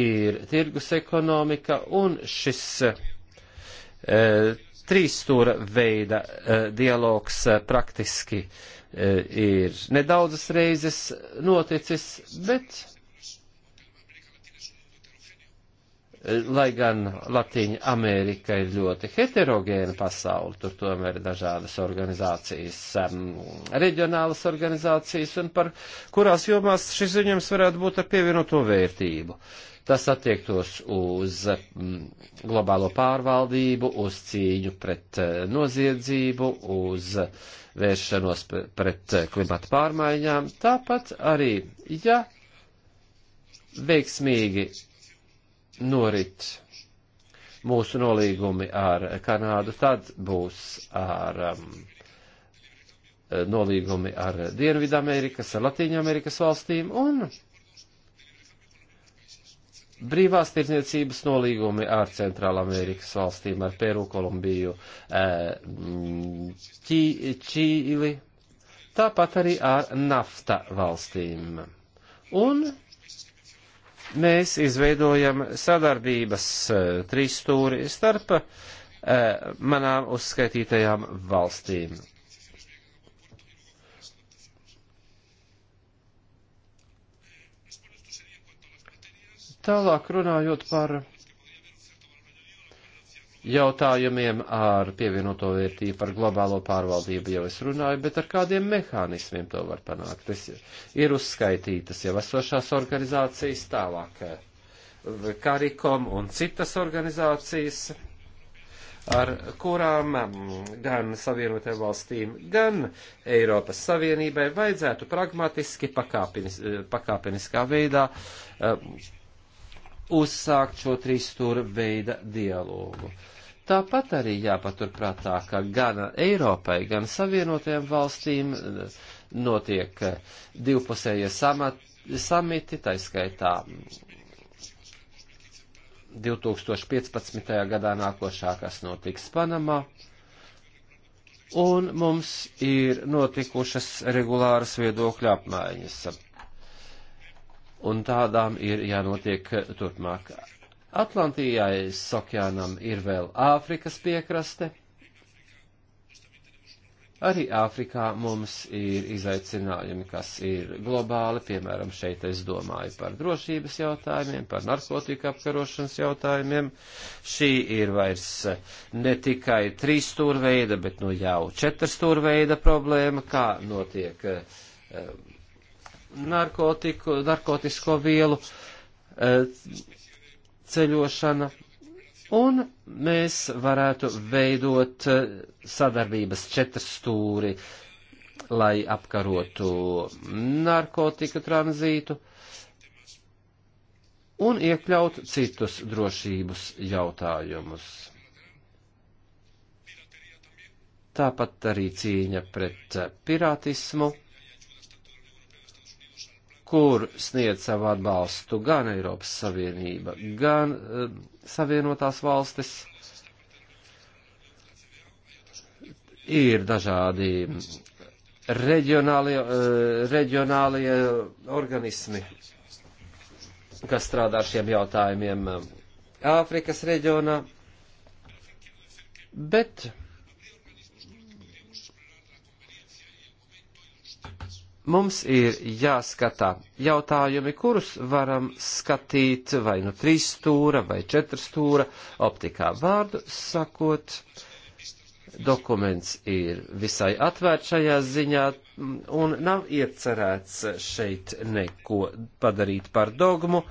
ir tirgus ekonomika un šis uh, trīsstūra veida uh, dialogs uh, praktiski uh, ir nedaudzas reizes noticis, bet lai gan Latīņa Amerika ir ļoti heterogēna pasauli, tur tomēr ir dažādas organizācijas, um, reģionālas organizācijas, un par kurās jomās šis ziņojums varētu būt ar pievienoto vērtību. Tas attiektos uz um, globālo pārvaldību, uz cīņu pret uh, noziedzību, uz vēršanos pret uh, klimata pārmaiņām, tāpat arī, ja veiksmīgi norit mūsu nolīgumi ar Kanādu, tad būs ar um, nolīgumi ar Dienvidamerikas, ar Latīņamerikas valstīm un brīvās tirdzniecības nolīgumi ar Centrālamerikas valstīm, ar Peru, Kolumbiju, eh, ķī, Čīli, tāpat arī ar nafta valstīm. Un mēs izveidojam sadarbības eh, trīsstūri starp eh, manām uzskaitītajām valstīm. Tālāk runājot par jautājumiem ar pievienoto vērtību par globālo pārvaldību jau es runāju, bet ar kādiem mehānismiem to var panākt. Es, ir uzskaitītas jau esošās organizācijas tālāk. Karikom eh, un citas organizācijas, ar kurām mm, gan Savienotajām valstīm, gan Eiropas Savienībai vajadzētu pragmatiski pakāpeniskā veidā uh, uzsākt šo trīsstūra veida dialogu. Tāpat arī jāpaturprātā, ka gan Eiropai, gan Savienotajām valstīm eh, notiek eh, divpusējie samat, samiti, tā skaitā 2015. Mm, gadā nākošā, kas notiks Panamā. Un mums ir notikušas regulāras viedokļa apmaiņas un tādām ir jānotiek turpmāk. Atlantijas okeānam ir vēl Āfrikas piekraste. Arī Āfrikā mums ir izaicinājumi, kas ir globāli, piemēram, šeit es domāju par drošības jautājumiem, par narkotika apkarošanas jautājumiem. Šī ir vairs ne tikai trīs stūrveida, bet nu jau četras stūrveida problēma, kā notiek um, narkotiku, narkotisko vielu eh, ceļošana, un mēs varētu veidot eh, sadarbības četras stūri, lai apkarotu narkotiku tranzītu un iekļaut citus drošības jautājumus. Tāpat arī cīņa pret eh, pirātismu kur sniedz savu atbalstu gan Eiropas Savienība, gan uh, Savienotās valstis. Ir dažādi reģionālie, uh, reģionālie organismi, kas strādā ar šiem jautājumiem eh, Āfrikas reģionā, bet Mums ir jāskatā jautājumi, kurus varam skatīt vai nu trīs stūra vai četru stūra optikā. Vārdu sakot, dokuments ir visai atvērts šajā ziņā un nav iecerēts šeit neko padarīt par dogmu.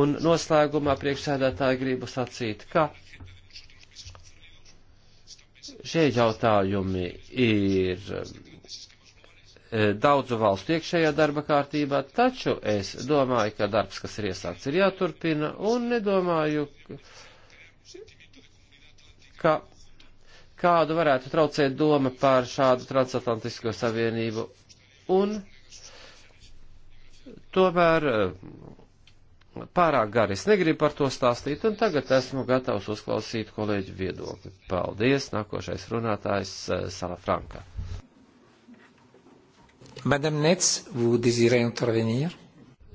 Un noslēgumā priekšsēdētāji gribu sacīt, ka šie jautājumi ir E, daudzu valstu iekšējā darba kārtībā, taču es domāju, ka darbs, kas ir iesākts, ir jāturpina, un nedomāju, ka kādu varētu traucēt doma par šādu transatlantisko savienību. Un tomēr e, pārāk gari es negribu par to stāstīt, un tagad esmu gatavs uzklausīt kolēģu viedokli. Paldies, nākošais runātājs e, Sala Franka. Madam Nets, vous désirez intervenir?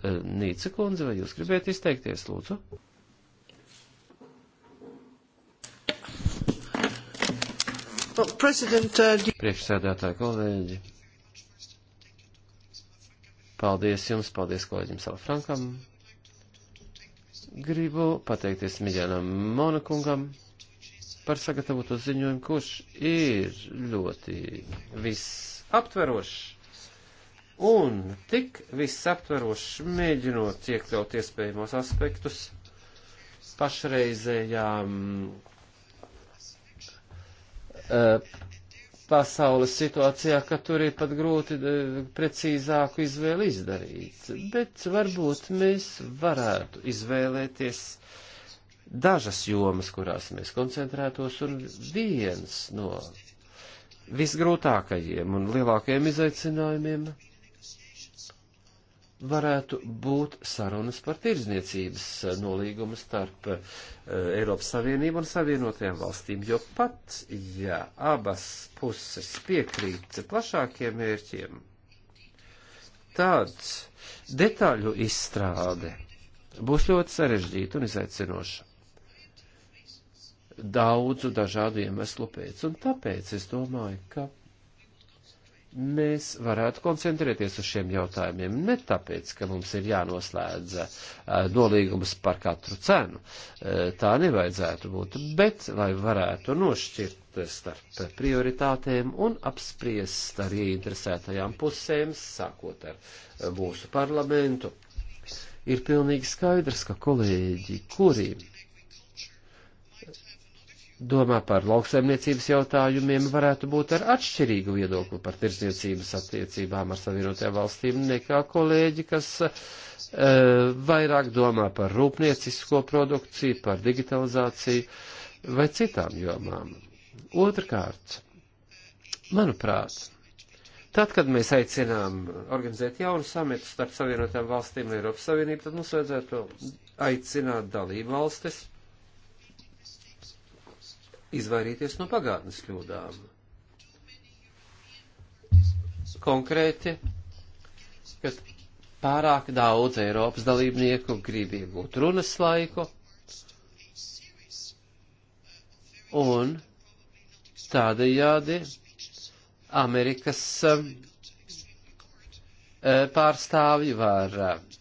Eh, Nīca kundze, vai jūs gribētu izteikties, lūdzu? Well, uh, Priekšsēdētāji kolēģi, paldies jums, paldies kolēģim Salafrankam. Gribu pateikties Miļānam Monakungam par sagatavoto ziņojumu, kurš ir ļoti visaptverošs un tik visaptveroši mēģinot iekļaut iespējamos aspektus pašreizējām uh, pasaules situācijā, ka tur ir pat grūti uh, precīzāku izvēli izdarīt. Bet varbūt mēs varētu izvēlēties dažas jomas, kurās mēs koncentrētos, un viens no visgrūtākajiem un lielākajiem izaicinājumiem varētu būt sarunas par tirdzniecības eh, nolīgumu starp uh, Eiropas Savienību un Savienotajām valstīm, jo pat, ja abas puses piekrīt plašākiem mērķiem, tad detaļu izstrāde būs ļoti sarežģīta un izaicinoša daudzu dažādu iemeslu pēc, un tāpēc es domāju, ka mēs varētu koncentrēties uz šiem jautājumiem. Ne tāpēc, ka mums ir jānoslēdz nolīgumus par katru cenu, tā nevajadzētu būt, bet lai varētu nošķirt starp prioritātēm un apspriest ar ieinteresētajām pusēm, sākot ar mūsu parlamentu. Ir pilnīgi skaidrs, ka kolēģi, kuriem domā par lauksaimniecības jautājumiem, varētu būt ar atšķirīgu viedokli par tirsniecības attiecībām ar savienotajām valstīm nekā kolēģi, kas e, vairāk domā par rūpniecisko produkciju, par digitalizāciju vai citām jomām. Otrkārt, manuprāt, tad, kad mēs aicinām organizēt jaunu samitu starp savienotām valstīm un Eiropas Savienību, tad mums vajadzētu aicināt dalību valstis izvairīties no pagātnes kļūdām. Konkrēti, ka pārāk daudz Eiropas dalībnieku grib iegūt runas laiku, un tādējādi Amerikas eh, pārstāvji var eh,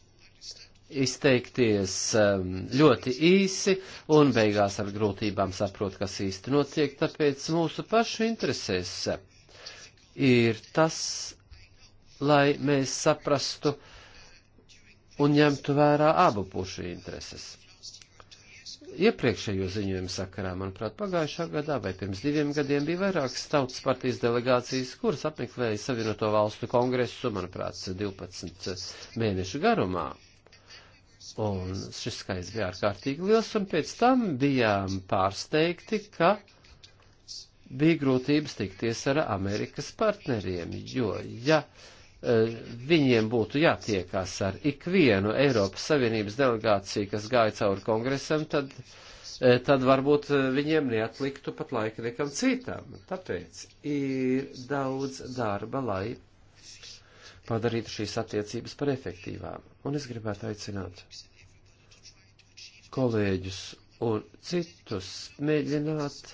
izteikties um, ļoti īsi un beigās ar grūtībām saprot, kas īsti notiek, tāpēc mūsu pašu interesēs ir tas, lai mēs saprastu un ņemtu vērā abu pušu intereses. Iepriekšējo ziņojumu sakarā, manuprāt, pagājušā gadā vai pirms diviem gadiem bija vairākas tautas partijas delegācijas, kuras apmeklēja Savienoto valstu kongresu, manuprāt, 12 mēnešu garumā Un šis skaits bija ārkārtīgi liels, un pēc tam bijām pārsteigti, ka bija grūtības tikties ar Amerikas partneriem, jo, ja eh, viņiem būtu jātiekās ar ikvienu Eiropas Savienības delegāciju, kas gāja cauri kongresam, tad, eh, tad varbūt eh, viņiem neatliktu pat laika nekam citam. Tāpēc ir daudz darba, lai padarītu šīs attiecības par efektīvām. Un es gribētu aicināt kolēģus un citus mēģināt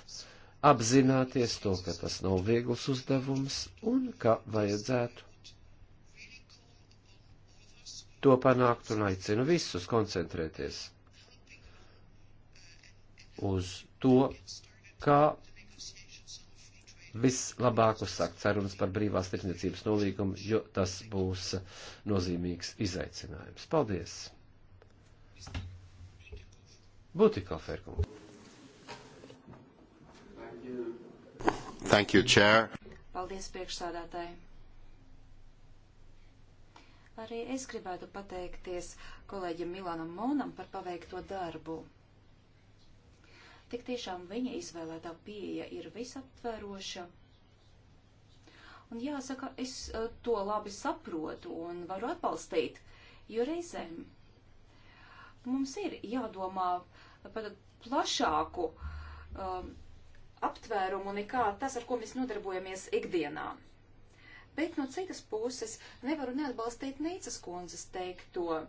apzināties to, ka tas nav viegls uzdevums un ka vajadzētu to panākt un aicinu visus koncentrēties uz to, kā vislabāk uzsākt sarunas par brīvās tirdzniecības nolīgumu, jo tas būs nozīmīgs izaicinājums. Paldies! Būtībā, Ferkungs. Thank you, Chair. Paldies, priekšsādātāji. Arī es gribētu pateikties kolēģim Milanam Monam par paveikto darbu. Tik tiešām viņa izvēlētā pieeja ir visaptveroša. Un jāsaka, es eh, to labi saprotu un varu atbalstīt, jo reizēm mums ir jādomā par plašāku um, aptvērumu nekā tas, ar ko mēs nodarbojamies ikdienā. Bet no citas puses nevaru neatbalstīt Nīcas kundzes teikto.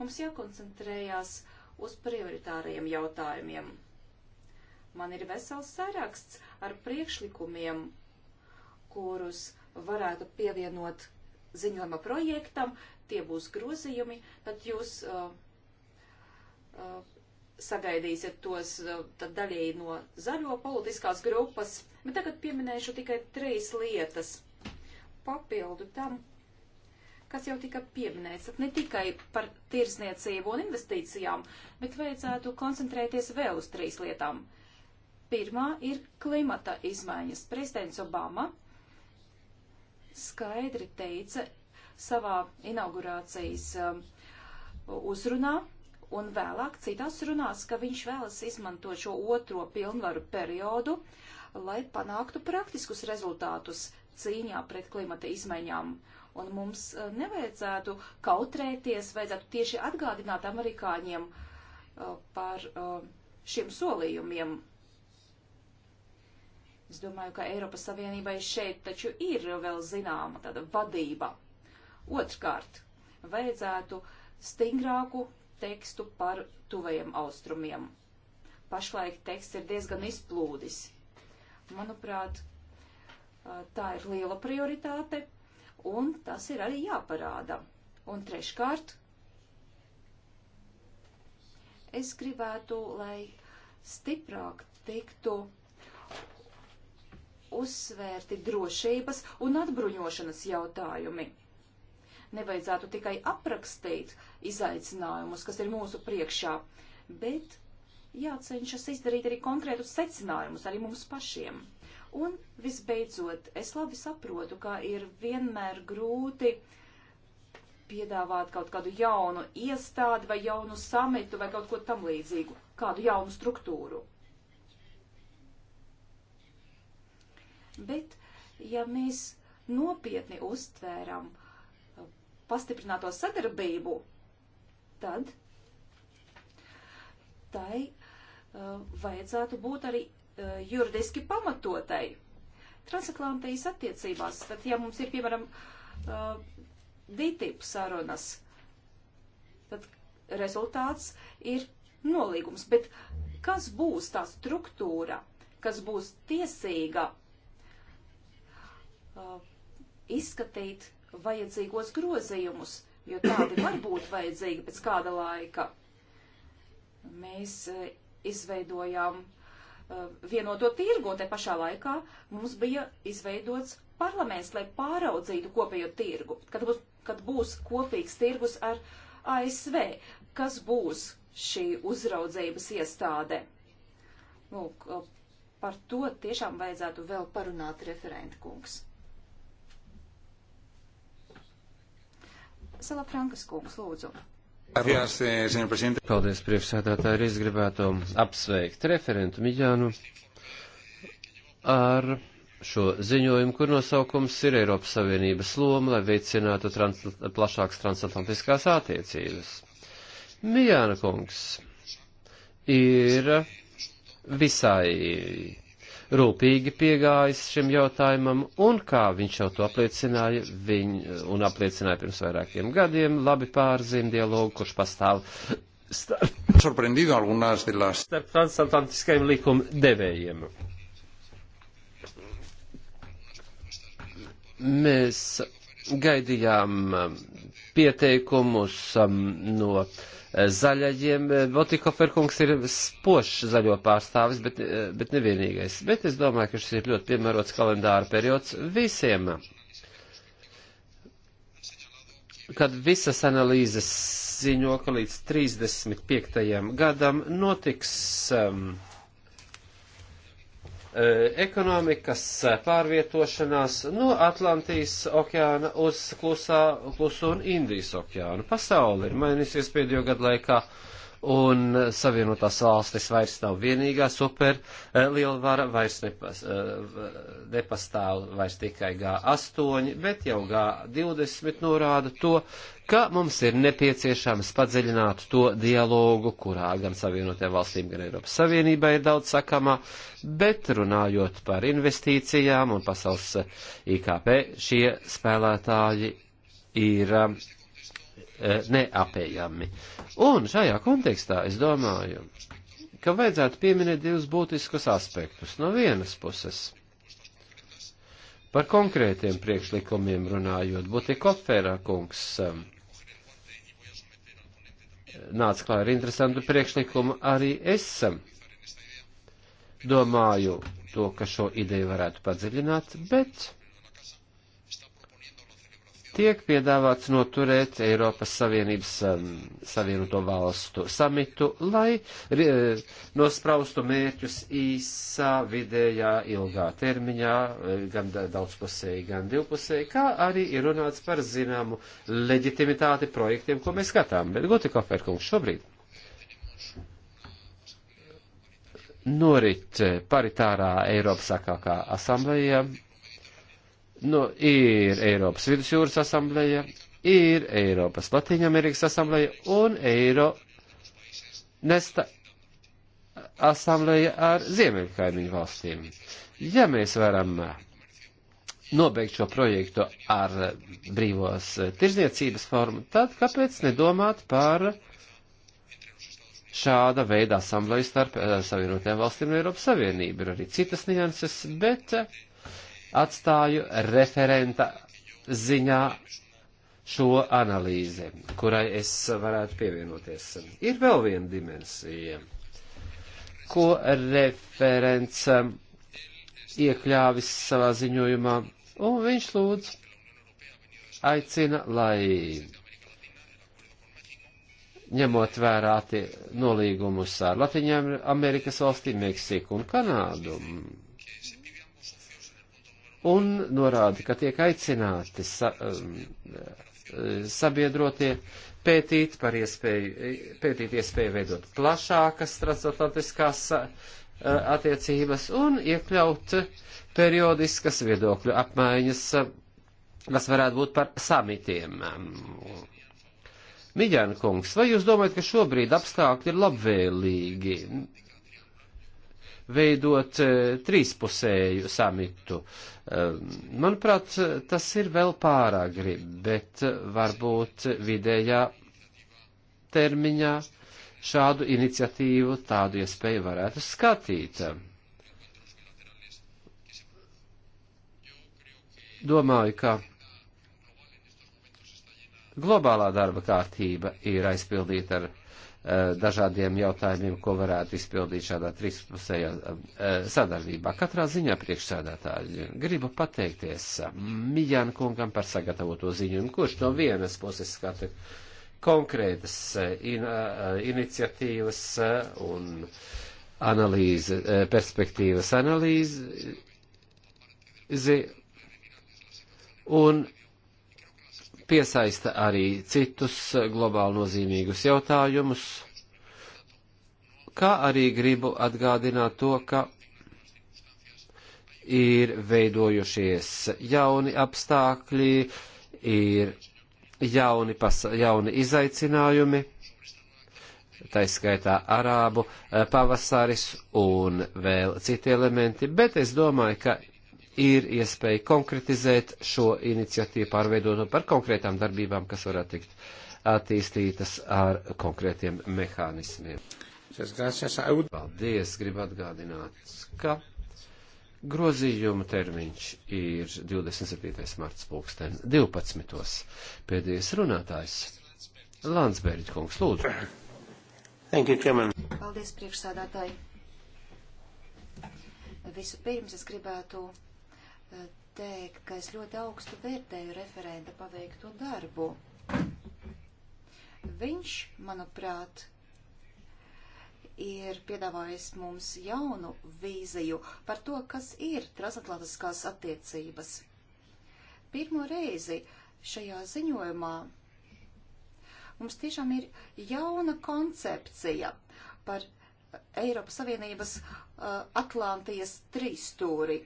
Mums jākoncentrējās uz prioritāriem jautājumiem. Man ir vesels saraksts ar priekšlikumiem, kurus varētu pievienot ziņojuma projektam, tie būs grozījumi, tad jūs uh, uh, sagaidīsiet tos uh, daļēji no zaļo politiskās grupas, bet tagad pieminēšu tikai trīs lietas papildu tam, kas jau tika pieminēts, ne tikai par tirsniecību un investīcijām, bet vajadzētu koncentrēties vēl uz trīs lietām. Uh, Pirmā ir klimata izmaiņas. Prezidents Obama skaidri teica savā inaugurācijas um, uzrunā un vēlāk citās runās, ka viņš vēlas izmantot šo otro pilnvaru periodu, lai panāktu praktiskus rezultātus cīņā pret klimata izmaiņām. Un mums uh, nevajadzētu kautrēties, vajadzētu tieši atgādināt amerikāņiem uh, par uh, šiem solījumiem Es domāju, ka Eiropas Savienībai šeit taču ir vēl zināma tāda vadība. Otrkārt, vajadzētu stingrāku tekstu par tuvajiem austrumiem. Pašlaik teksts ir diezgan izplūdis. Manuprāt, tā ir liela prioritāte, un tas ir arī jāparāda. Un treškārt, es gribētu, lai stiprāk tiktu uzsvērti drošības un atbruņošanas jautājumi. Nevajadzētu tikai aprakstīt izaicinājumus, kas ir mūsu priekšā, bet jācenšas izdarīt arī konkrētus secinājumus arī mums pašiem. Un visbeidzot, es labi saprotu, ka ir vienmēr grūti piedāvāt kaut kādu jaunu iestādi vai jaunu samitu vai kaut ko tam līdzīgu, kādu jaunu struktūru. bet ja mēs nopietni uztvēram uh, pastiprināto sadarbību, tad tai uh, vajadzētu būt arī uh, juridiski pamatotai. Transatlantijas attiecībās, tad ja mums ir, piemēram, uh, DTIP sarunas, tad rezultāts ir nolīgums, bet kas būs tā struktūra, kas būs tiesīga uh, izskatīt vajadzīgos grozījumus, jo tādi var būt vajadzīgi pēc kāda laika. Mēs uh, izveidojām uh, vienoto tirgu, un te pašā laikā mums bija izveidots parlaments, lai pāraudzītu kopējo tirgu, kad būs, kad būs kopīgs tirgus ar ASV, kas būs šī uzraudzības iestāde. Lūk, uh, par to tiešām vajadzētu vēl parunāt referenta kungs. Salafrankas kungs, lūdzu. Eh, Paldies, priekšsēdētāji. Es gribētu apsveikt referentu Miģānu ar šo ziņojumu, kur nosaukums ir Eiropas Savienības loma, lai veicinātu trans plašākas transatlantiskās attiecības. Miģāna kungs ir visai rūpīgi piegājis šim jautājumam, un kā viņš jau to apliecināja, viņ, un apliecināja pirms vairākiem gadiem, labi pārzina dialogu, kurš pastāv starp, starp transatlantiskajiem likuma devējiem. Mēs gaidījām pieteikumus um, no uh, zaļajiem. Botikoferkungs uh, ir spošs zaļo pārstāvis, bet, uh, bet nevienīgais. Bet es domāju, ka šis ir ļoti piemērots kalendāra periods visiem. Kad visas analīzes ziņo, ka līdz 35. gadam notiks um, Eh, ekonomikas pārvietošanās no Atlantijas okeāna uz klusā, klusu un Indijas okeānu. Pasauli ir mainīsies pēdējo gadu laikā, un Savienotās valstis vairs nav vienīgā super eh, lielvara, vairs nepas, eh, nepastāv vairs tikai G8, bet jau G20 norāda to, ka mums ir nepieciešams padziļināt to dialogu, kurā gan Savienotiem valstīm, gan Eiropas Savienībai ir daudz sakama, bet runājot par investīcijām un pasaules eh, IKP, šie spēlētāji ir eh, neapējami. Un šajā kontekstā es domāju, ka vajadzētu pieminēt divus būtiskus aspektus. No vienas puses, par konkrētiem priekšlikumiem runājot, Butikoferā kungs eh, nāca klāra ar interesantu priekšlikumu. Arī es um, domāju to, ka šo ideju varētu padziļināt, bet tiek piedāvāts noturēt Eiropas Savienības um, Savienoto valstu samitu, lai rie, eh, nospraustu mērķus īsā, vidējā, ilgā termiņā, eh, gan daudzpusēji, gan divpusēji, kā arī ir runāts par zināmu leģitimitāti projektiem, ko mēs skatām. Bet Gotikoferkungs šobrīd norit paritārā Eiropas akākā asamblējā nu, ir Eiropas Vidusjūras asambleja, ir Eiropas Latīņamerikas asambleja un Eiro nesta asambleja ar Ziemeļkaimiņu valstīm. Ja mēs varam nobeigt šo projektu ar brīvos tirzniecības formu, tad kāpēc nedomāt par šāda veida asambleju starp eh, Savienotajām valstīm un Eiropas Savienību? Ir arī citas nianses, bet uh, atstāju referenta ziņā šo analīzi, kurai es varētu pievienoties. Ir vēl viena dimensija, ko referents iekļāvis savā ziņojumā, un viņš lūdz aicina, lai ņemot vērā nolīgumus ar Latviju, Amerikas valstīm, Meksiku un Kanādu, un norāda, ka tiek aicināti sa, um, sabiedrotie pētīt par iespēju, pētīt iespēju veidot plašākas transatlantiskās uh, attiecības un iekļaut periodiskas viedokļu apmaiņas, uh, kas varētu būt par samitiem. Miģēna kungs, vai jūs domājat, ka šobrīd apstākļi ir labvēlīgi? veidot e, trīspusēju samitu. E, manuprāt, tas ir vēl pārāk grib, bet varbūt vidējā termiņā šādu iniciatīvu, tādu iespēju varētu skatīt. Domāju, ka globālā darba kārtība ir aizpildīta ar Eh, dažādiem jautājumiem, ko varētu izpildīt šādā trīspusējā eh, sadarbībā. Katrā ziņā priekšsēdētāji gribu pateikties Mijāna kungam par sagatavoto ziņu, un kurš no vienas puses skata konkrētas eh, in, iniciatīvas un analīze, perspektīvas analīze, un piesaista arī citus globāli nozīmīgus jautājumus, kā arī gribu atgādināt to, ka ir veidojušies jauni apstākļi, ir jauni, pasa, jauni izaicinājumi, taiskaitā arābu eh, pavasaris un vēl citi elementi, bet es domāju, ka ir iespēja konkretizēt šo iniciatīvu, pārveidot to par konkrētām darbībām, kas varētu tikt attīstītas ar konkrētiem mehānismiem. Paldies, gribu atgādināt, ka grozījuma termiņš ir 27. marts pulksten 12. Pēdējais runātājs Landsbērģi kungs, lūdzu. Thank you, Chairman. Paldies, priekšsādātāji. Vispirms es gribētu teikt, ka es ļoti augstu vērtēju referenta paveikto darbu. Viņš, manuprāt, ir piedāvājis mums jaunu vīziju par to, kas ir transatlantiskās attiecības. Pirmo reizi šajā ziņojumā mums tiešām ir jauna koncepcija par Eiropas Savienības uh, Atlantijas trīstūri.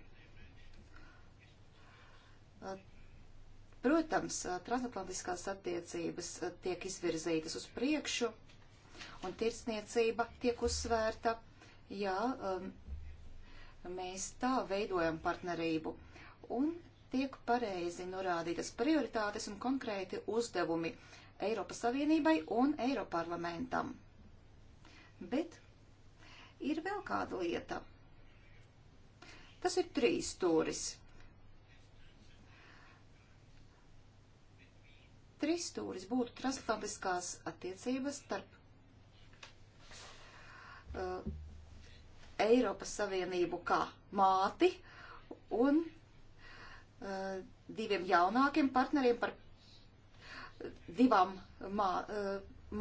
Protams, transatlantiskās attiecības tiek izvirzītas uz priekšu, un tirdzniecība tiek uzsvērta. Jā, mēs tā veidojam partnerību, un tiek pareizi norādītas prioritātes un konkrēti uzdevumi Eiropas Savienībai un Eiroparlamentam. Bet ir vēl kāda lieta. Tas ir trīs stūris. tristūris būtu transatlantiskās attiecības starp uh, Eiropas Savienību kā māti un uh, diviem jaunākiem partneriem par uh, divām mā, uh,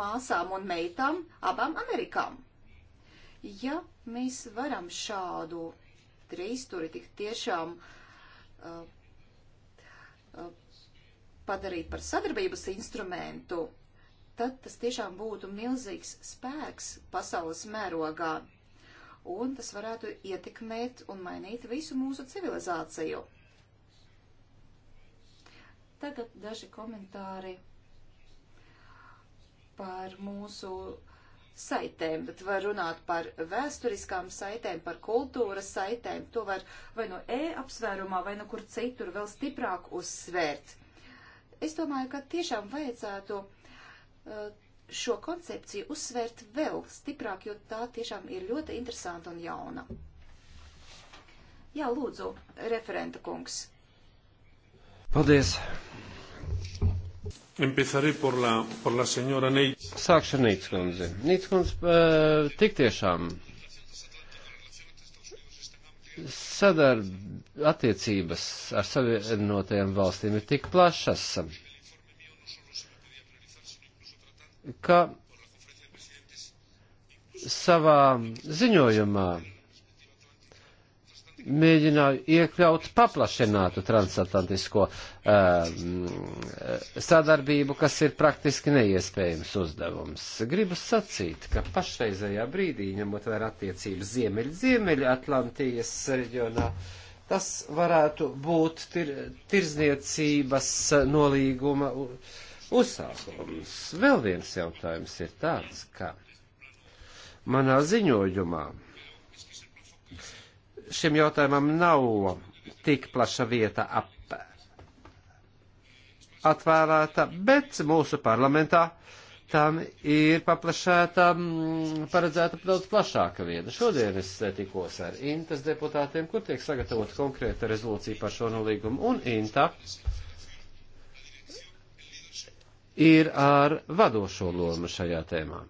māsām un meitām, abām Amerikām. Ja mēs varam šādu trīsturi tik tiešām uh, uh, padarīt par sadarbības instrumentu, tad tas tiešām būtu milzīgs spēks pasaules mērogā, un tas varētu ietekmēt un mainīt visu mūsu civilizāciju. Tagad daži komentāri par mūsu saitēm, bet var runāt par vēsturiskām saitēm, par kultūras saitēm. To var vai no E apsvērumā, vai no kur citur vēl stiprāk uzsvērt. Es domāju, ka tiešām vajadzētu uh, šo koncepciju uzsvērt vēl stiprāk, jo tā tiešām ir ļoti interesanta un jauna. Jā, lūdzu, referenta kungs. Paldies. Empezaré por la, por la señora Neits. Sākšu ar Neits kundzi. Neits kundz, eh, tik tiešām sadarb attiecības ar savienotajām valstīm ir tik plašas, ka savā ziņojumā mēģināju iekļaut paplašinātu transatlantisko um, sadarbību, kas ir praktiski neiespējams uzdevums. Gribu sacīt, ka pašreizējā brīdī, ņemot vērā attiecības Ziemeļa Atlantijas reģionā, tas varētu būt tir, tirzniecības nolīguma uzsākums. Vēl viens jautājums ir tāds, ka manā ziņojumā šim jautājumam nav tik plaša vieta ap, atvēlēta, bet mūsu parlamentā tam ir paplašēta, mm, paredzēta daudz plašāka vieta. Šodien es tikos ar Intas deputātiem, kur tiek sagatavot konkrēta rezolūcija par šo nolīgumu, un Inta ir ar vadošo lomu šajā tēmā.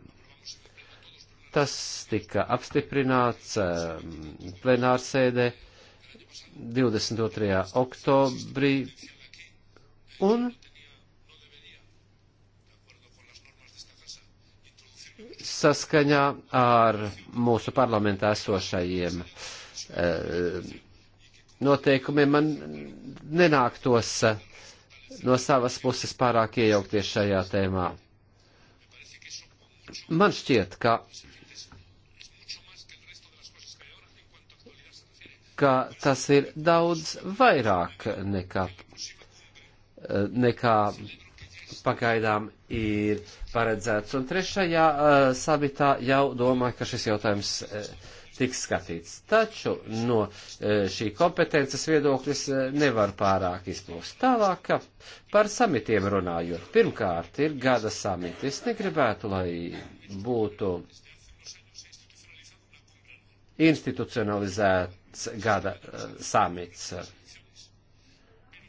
Tas tika apstiprināts um, plenārsēdē 22. oktobrī un saskaņā ar mūsu parlamentā esošajiem eh, noteikumiem man nenāktos eh, no savas puses pārāk iejaukties šajā tēmā. Man šķiet, ka ka tas ir daudz vairāk nekā, nekā pagaidām ir paredzēts. Un trešajā uh, sabitā jau domāju, ka šis jautājums uh, tiks skatīts. Taču no uh, šī kompetences viedoklis uh, nevar pārāk izplūst. Tālāk par samitiem runājot. Pirmkārt, ir gada samiti. Es negribētu, lai būtu institucionalizēta gada eh, samits.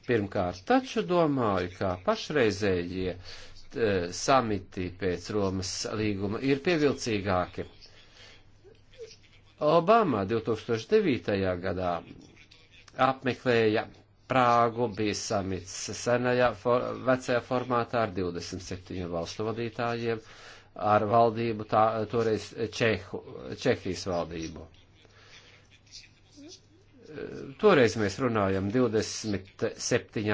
Pirmkārt, taču domāju, ka pašreizējie eh, samiti pēc Romas līguma ir pievilcīgāki. Obama 2009. gadā apmeklēja Prāgu, bija samits senajā, for, vecajā formātā ar 27 valstu vadītājiem, ar valdību, tā, toreiz Čehu, Čehijas valdību toreiz mēs runājam 27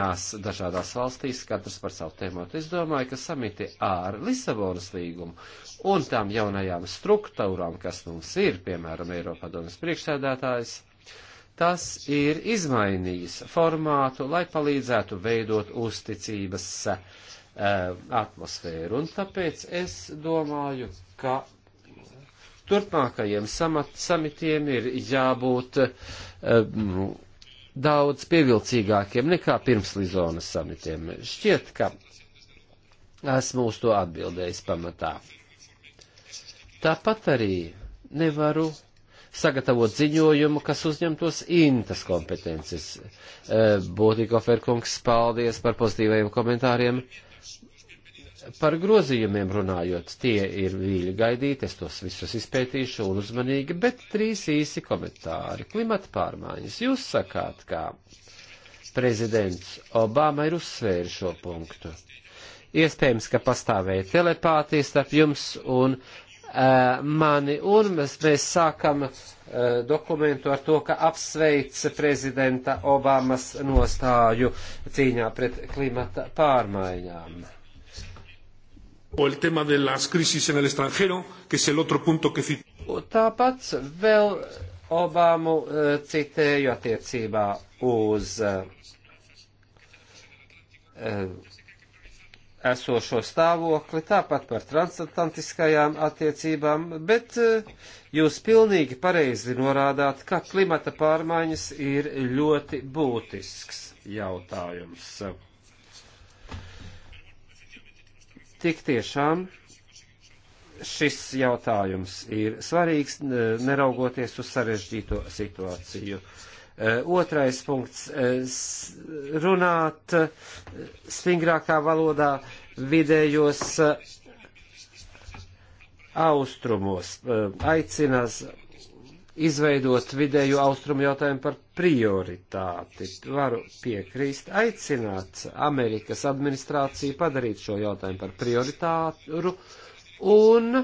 dažādās valstīs, katrs par savu tēmatu. Es domāju, ka samiti ar Lisabonas līgumu un tām jaunajām struktūrām, kas mums ir, piemēram, Eiropā domas priekšsēdētājs, tas ir izmainījis formātu, lai palīdzētu veidot uzticības uh, atmosfēru. Un tāpēc es domāju, ka turpmākajiem samat, samitiem ir jābūt um, daudz pievilcīgākiem nekā pirms Lizonas samitiem. Šķiet, ka esmu uz to atbildējis pamatā. Tāpat arī nevaru sagatavot ziņojumu, kas uzņemtos intas kompetences. Ehm, Būtīkoferkungs, paldies par pozitīvajiem komentāriem. Par grozījumiem runājot, tie ir vīļi gaidīti, es tos visus izpētīšu un uzmanīgi, bet trīs īsi komentāri. Klimata pārmaiņas. Jūs sakāt, kā prezidents Obama ir uzsvēri šo punktu. Iespējams, ka pastāvēja telepātija starp jums un eh, mani, un mēs, mēs sākam uh, dokumentu ar to, ka apsveic prezidenta Obamas nostāju cīņā pret klimata pārmaiņām o el tema de las crisis en el extranjero, que es el otro punto que citó. Tāpat vēl Obamu eh, citēju attiecībā uz eh, eh, esošo stāvokli, tāpat par transatlantiskajām attiecībām, bet jūs pilnīgi pareizi norādāt, ka klimata pārmaiņas ir ļoti būtisks jautājums Tik tiešām šis jautājums ir svarīgs, neraugoties uz sarežģīto situāciju. E, otrais punkts e, - runāt e, stingrākā valodā vidējos austrumos. Aicinās izveidot vidēju austrumu jautājumu par prioritāti. Varu piekrīst, aicināt Amerikas administrāciju padarīt šo jautājumu par prioritāru un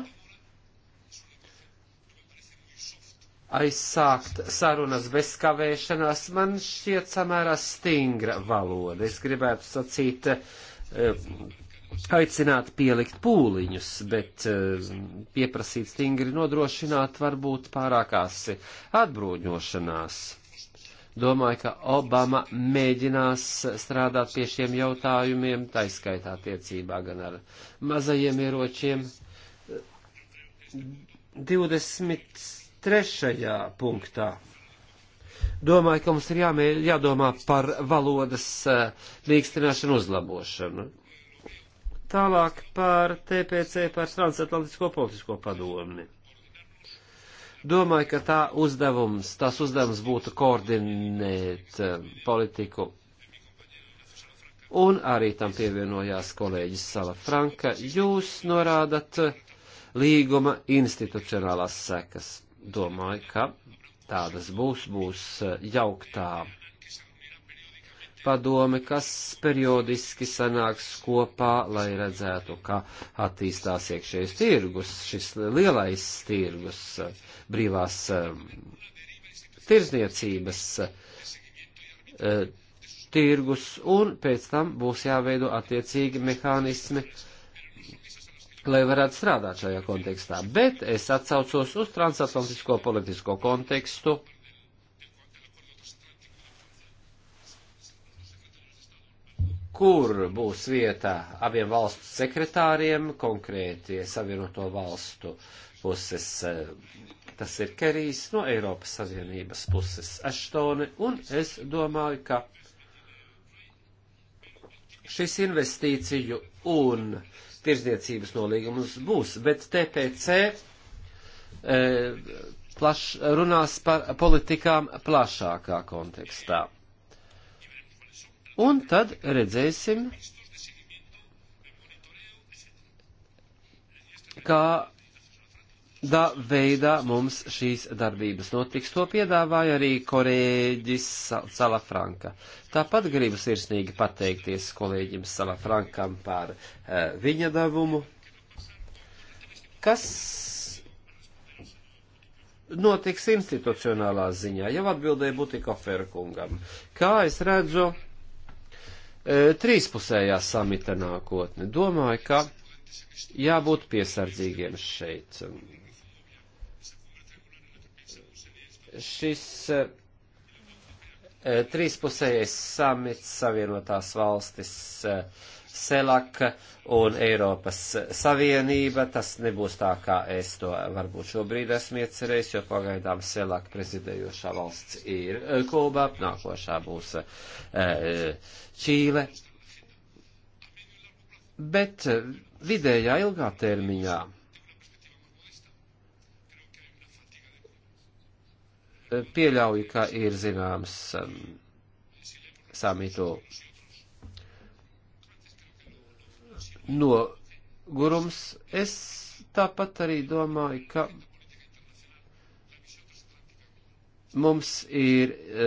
aizsākt sarunas bez kavēšanās, man šķiet samērā stingra valoda. Es gribētu sacīt, eh, aicināt pielikt pūliņus, bet eh, pieprasīt stingri nodrošināt varbūt pārākās atbruņošanās. Domāju, ka Obama mēģinās strādāt pie šiem jautājumiem, taiskaitā tiecībā gan ar mazajiem ieročiem. 23. punktā. Domāju, ka mums ir jāmē, jādomā par valodas eh, mīkstināšanu uzlabošanu. Tālāk par TPC, par transatlantisko politisko padomi. Domāju, ka tā uzdevums, tās uzdevums būtu koordinēt eh, politiku. Un arī tam pievienojās kolēģis Sala Franka. Jūs norādat eh, līguma institucionālās sekas. Domāju, ka tādas būs, būs eh, jauktā padome, kas periodiski sanāks kopā, lai redzētu, kā attīstās iekšējais tirgus, šis lielais tirgus, brīvās um, tirzniecības uh, tirgus, un pēc tam būs jāveido attiecīgi mehānismi, lai varētu strādāt šajā kontekstā. Bet es atsaucos uz transatlantisko politisko kontekstu kur būs vieta abiem valstu sekretāriem, konkrēti Savienoto valstu puses, eh, tas ir Kerijs no Eiropas Savienības puses Aštoni, un es domāju, ka šis investīciju un tirdzniecības nolīgums būs, bet TPC e, eh, plaš, runās par politikām plašākā kontekstā. Un tad redzēsim, kādā veidā mums šīs darbības notiks. To piedāvāja arī kolēģis Salafranka. Tāpat gribu sirsnīgi pateikties kolēģim Salafrankam par uh, viņa devumu, kas notiks institucionālā ziņā, jau atbildēja Butikoferkungam. Kā es redzu, E, trīspusējā samita nākotne. Domāju, ka jābūt piesardzīgiem šeit. Šis e, trīspusējais samits savienotās valstis e, SELAK un Eiropas Savienība. Tas nebūs tā, kā es to varbūt šobrīd esmu iecerējis, jo pagaidām SELAK prezidējošā valsts ir eh, Kuba, nākošā būs eh, Čīle. Bet eh, vidējā ilgā termiņā pieļauju, ka ir zināms samitu nogurums. Es tāpat arī domāju, ka mums ir e,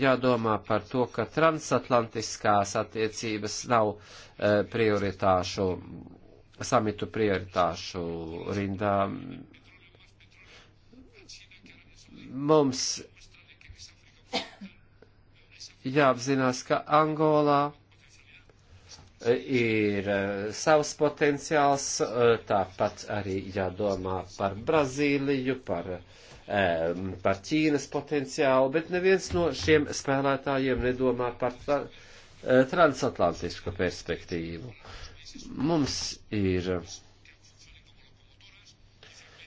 jādomā par to, ka transatlantiskās attiecības nav e, prioritāšu, samitu prioritāšu rindā. Mums jāapzinās, ka Angolā ir eh, savs potenciāls, eh, tāpat arī jādomā par Brazīliju, par, eh, par Ķīnas potenciālu, bet neviens no šiem spēlētājiem nedomā par tra transatlantisko perspektīvu. Mums ir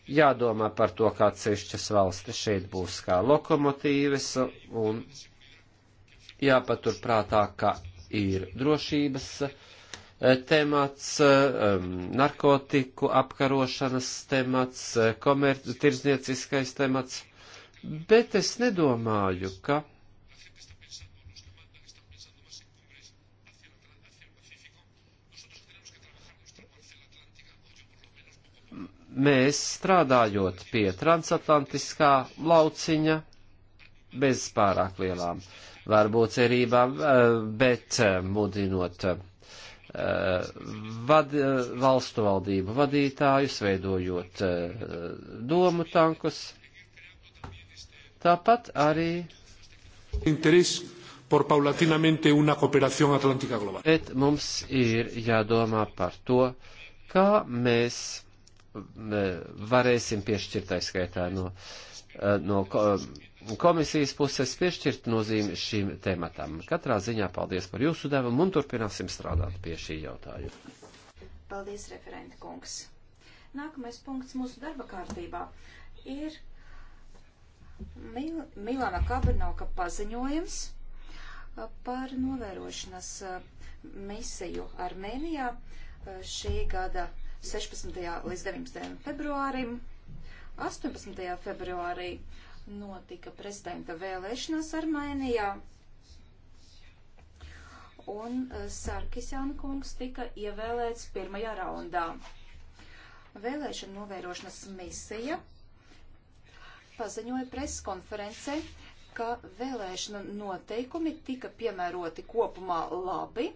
jādomā par to, kā cešķas valstis šeit būs kā lokomotīves un jāpaturprātā, ka ir drošības uh, Eh, temats, eh, narkotiku apkarošanas temats, eh, komerci, tirznieciskais temats, bet es nedomāju, ka. Mēs strādājot pie transatlantiskā lauciņa bez pārāk lielām varbūt cerībām, bet mudinot Eh, vad, eh, valstu valdību vadītājus, veidojot eh, domu tankus. Tāpat arī. Interes por paulatinamente una cooperación atlántica global. Bet mums ir jādomā par to, kā mēs varēsim piešķirt, tā skaitā no, no komisijas puses piešķirt nozīmi šim tematam. Katrā ziņā paldies par jūsu devumu un turpināsim strādāt pie šī jautājuma. Paldies, referenta kungs. Nākamais punkts mūsu darba kārtībā ir Mil Milana Kabrinoka paziņojums uh, par novērošanas uh, misiju Armēnijā uh, šī gada 16. līdz 19. februārim. 18. februārī uh, notika prezidenta vēlēšanās Armēnijā. Un eh, Sarkisjāna kungs tika ievēlēts pirmajā raundā. Vēlēšana novērošanas misija paziņoja preskonferencē, ka vēlēšana noteikumi tika piemēroti kopumā labi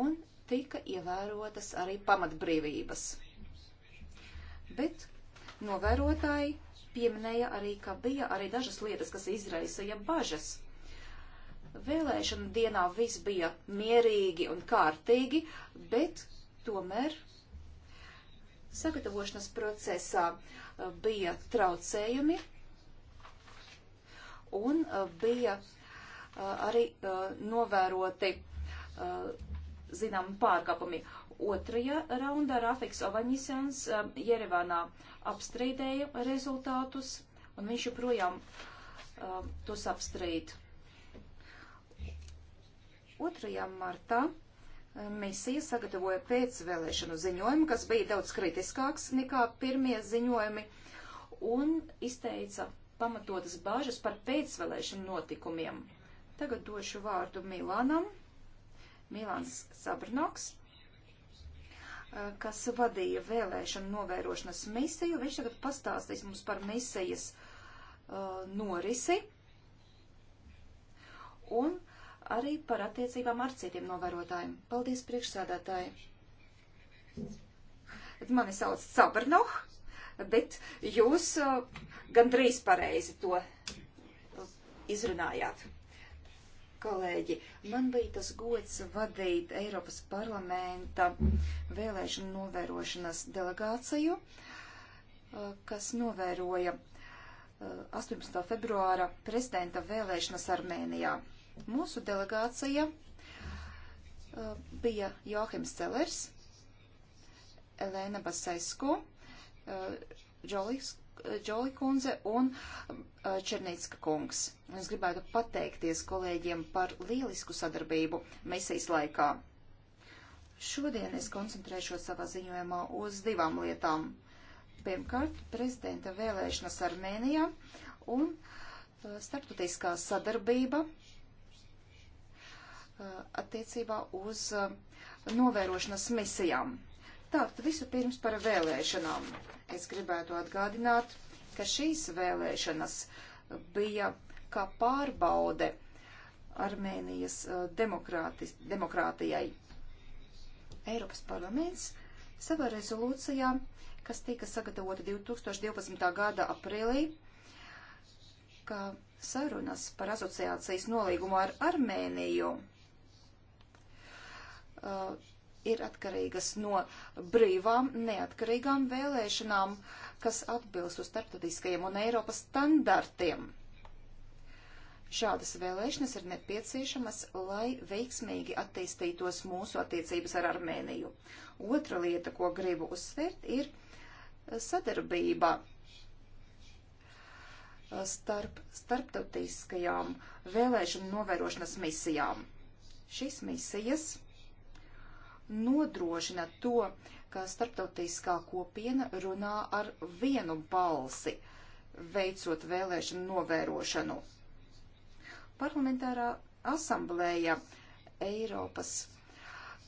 un tika ievērotas arī pamatbrīvības. Bet novērotāji pieminēja arī, ka bija arī dažas lietas, kas izraisīja bažas. Vēlēšana dienā viss bija mierīgi un kārtīgi, bet tomēr sagatavošanas procesā e, bija traucējumi un e, bija e, arī novēroti zinām pārkāpumi. Otrajā raundā Rafiks Ovaņisens um, Jerevānā apstrīdēja rezultātus, un viņš joprojām uh, tos apstrīd. 2. martā um, misija sagatavoja pēcvēlēšanu ziņojumu, kas bija daudz kritiskāks nekā pirmie ziņojumi, un izteica pamatotas bāžas par pēcvēlēšanu notikumiem. Tagad došu vārdu Milānam. Milāns Sabrnoks kas vadīja vēlēšanu novērošanas misiju. Viņš tagad pastāstīs mums par misijas uh, norisi un arī par attiecībām ar citiem novērotājiem. Paldies priekšsēdētāji! Mani sauc Cabernoh, bet jūs uh, gandrīz pareizi to izrunājāt kolēģi! Man bija tas gods vadīt Eiropas parlamenta vēlēšanu novērošanas delegāciju, eh, kas novēroja 18. Eh, februāra prezidenta vēlēšanas Armēnijā. Mūsu delegācija eh, bija Johims Celers, Elēna Basesku, Džolis Džoli kundze un eh, Černīcka kungs. Es gribētu pateikties kolēģiem par lielisku sadarbību mesijas laikā. Šodien es koncentrēšos savā ziņojumā uz divām lietām. Pirmkārt, prezidenta vēlēšanas Armēnijā un eh, starptautiskā sadarbība eh, attiecībā uz novērošanas misijām. Tātad visu pirms par vēlēšanām. Es gribētu atgādināt, ka šīs vēlēšanas bija kā pārbaude Armēnijas demokrātijai. Eiropas parlaments savā rezolūcijā, kas tika sagatavota 2012. gada aprīlī, ka sarunas par asociācijas nolīgumu ar Armēniju uh, ir atkarīgas no brīvām, neatkarīgām vēlēšanām, kas atbilst uz starptautiskajiem un Eiropas standartiem. Šādas vēlēšanas ir nepieciešamas, lai veiksmīgi attīstītos mūsu attiecības ar Armēniju. Otra lieta, ko gribu uzsvērt, ir sadarbība starp starptautiskajām vēlēšanu novērošanas misijām. Šīs misijas nodrošina to, ka starptautiskā kopiena runā ar vienu balsi, veicot vēlēšanu novērošanu. Parlamentārā asamblēja Eiropas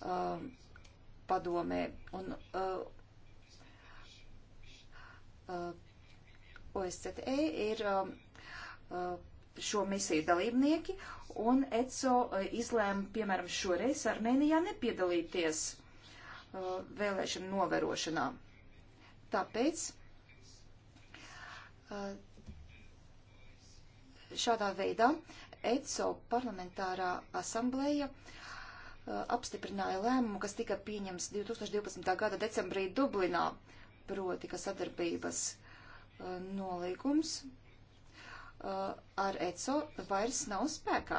uh, padomē un uh, uh, OSCE ir uh, uh šo misiju dalībnieki, un ECO e, izlēma, piemēram, šoreiz Armēnijā nepiedalīties uh, vēlēšanu novērošanā. Tāpēc uh, šādā veidā ECO parlamentārā asamblēja uh, apstiprināja lēmumu, kas tika pieņems 2012. gada decembrī Dublinā, proti, ka sadarbības nolīgums Uh, ar ECO vairs nav spēkā.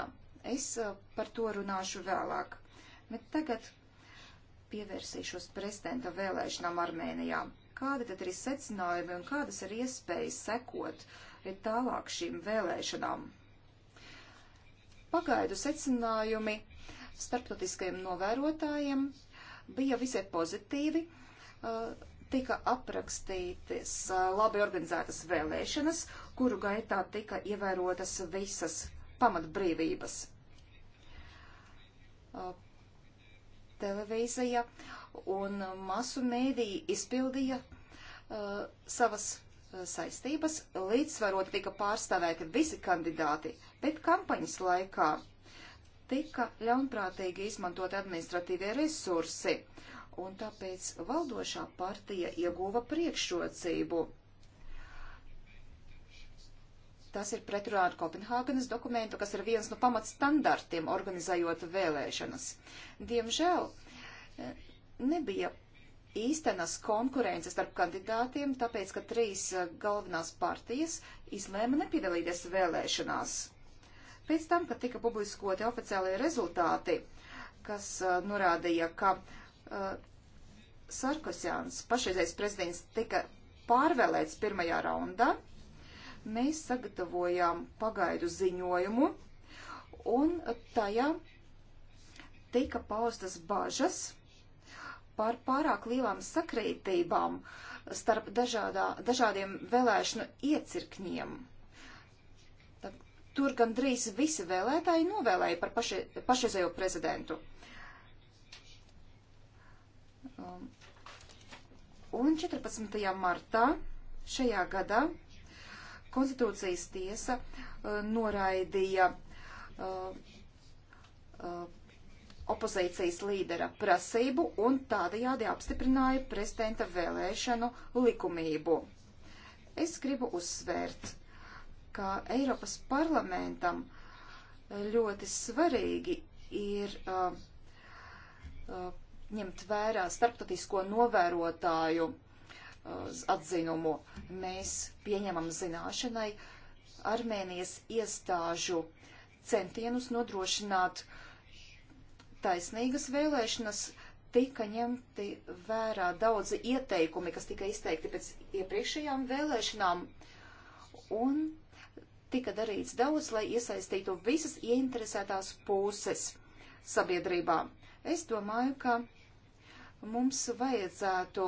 Es uh, par to runāšu vēlāk. Bet tagad pievērsīšos prezidenta vēlēšanām Armēnijā. Kādi tad ir secinājumi un kādas ir iespējas sekot e, tālāk šīm vēlēšanām? Pagaidu secinājumi starptautiskajiem novērotājiem bija visai pozitīvi. Uh, tika aprakstītas labi organizētas vēlēšanas, kuru gaitā tika ievērotas visas pamatbrīvības. Televīzija un masu mēdīja izpildīja uh, savas saistības, līdzsvaroti tika pārstāvēti visi kandidāti, bet kampaņas laikā tika ļaunprātīgi izmantoti administratīvie resursi. Uh, un tāpēc valdošā partija ieguva priekšrocību. Tas ir pretrunā ar Kopenhāgenes dokumentu, kas ir viens no pamatstandartiem organizējot vēlēšanas. Diemžēl eh, nebija īstenas konkurences starp kandidātiem, tāpēc, ka trīs eh, galvenās partijas izlēma nepiedalīties vēlēšanās. Pēc tam, kad tika publiskoti oficiālie rezultāti, kas eh, norādīja, ka uh, Uh, Sarkosjāns, pašreizējais prezidents, tika pārvēlēts pirmajā raundā. Mēs sagatavojām pagaidu ziņojumu, un tajā tika paustas bažas par pārāk lielām sakrītībām starp dažādā, dažādiem vēlēšanu iecirkņiem. Tad, tur gandrīz visi vēlētāji novēlēja par paši, pašreizējo prezidentu. Um, un 14. martā šajā gadā Konstitūcijas tiesa uh, noraidīja uh, uh, opozīcijas līdera prasību un tādajādi apstiprināja prezidenta vēlēšanu likumību. Es gribu uzsvērt, ka Eiropas parlamentam ļoti svarīgi ir uh, uh, ņemt vērā starptautisko novērotāju uh, atzinumu. Mēs pieņemam zināšanai Armēnijas iestāžu centienus nodrošināt taisnīgas vēlēšanas, tika ņemti vērā daudzi ieteikumi, kas tika izteikti pēc iepriekšējām vēlēšanām, un tika darīts daudz, lai iesaistītu visas ieinteresētās puses sabiedrībā. Es domāju, ka mums vajadzētu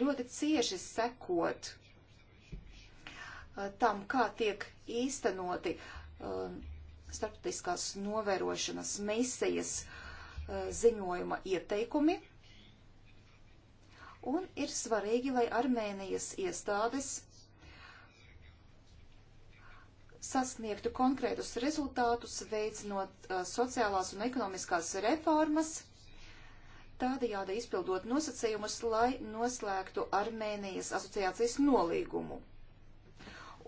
ļoti cieši sekot uh, tam, kā tiek īstenoti um, starptautiskās novērošanas misijas uh, ziņojuma ieteikumi. Un ir svarīgi, lai Armēnijas iestādes sasniegtu konkrētus rezultātus, veicinot uh, sociālās un ekonomiskās reformas tādajādi izpildot nosacījumus, lai noslēgtu Armēnijas asociācijas nolīgumu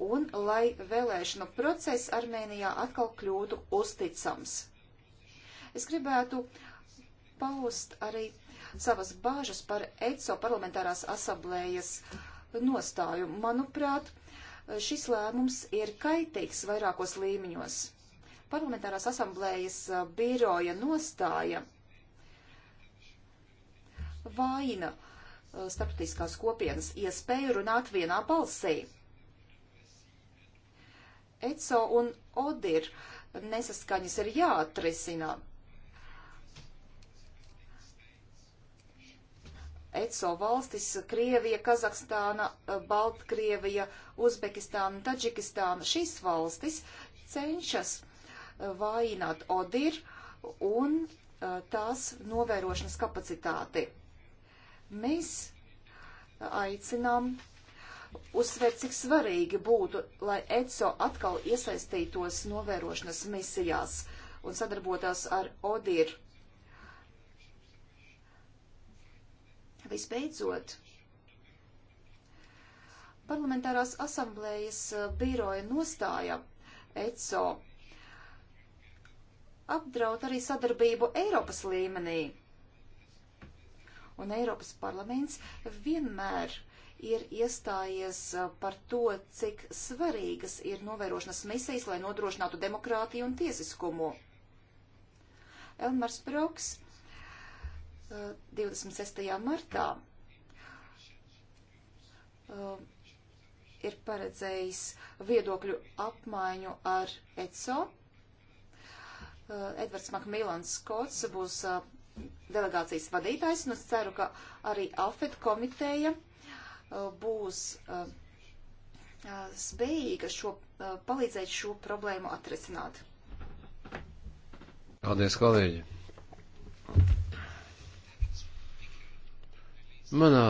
un lai vēlēšanu process Armēnijā atkal kļūtu uzticams. Es gribētu paust arī savas bāžas par ECO parlamentārās asablējas nostāju. Manuprāt, šis lēmums ir kaitīgs vairākos līmeņos. Parlamentārās asamblējas uh, biroja nostāja uh, vaina uh, starptautiskās kopienas iespēju runāt vienā balsī. ECO un ODIR nesaskaņas ir jāatrisina. ECO valstis - Krievija, Kazahstāna, uh, Baltkrievija, Uzbekistāna, Taģikistāna - šīs valstis cenšas uh, vājināt ODIR un tās novērošanas kapacitāti. Mēs aicinām uzsvērt, cik svarīgi būtu, lai ECO atkal iesaistītos novērošanas misijās un sadarbotās ar ODIR. Visbeidzot, parlamentārās asamblējas biroja nostāja ECO apdraud arī sadarbību Eiropas līmenī Un Eiropas parlaments vienmēr ir iestājies uh, par to, cik svarīgas ir novērošanas misijas, lai nodrošinātu demokrātiju un tiesiskumu. Elmars Broks 26. Uh, martā uh, ir paredzējis viedokļu apmaiņu ar ECO. Edvards Makmilans Skots būs delegācijas vadītājs, un es ceru, ka arī AFED komiteja uh, būs uh, uh, spējīga šo, palīdzēt šo problēmu atrisināt. Paldies, kolēģi! Manā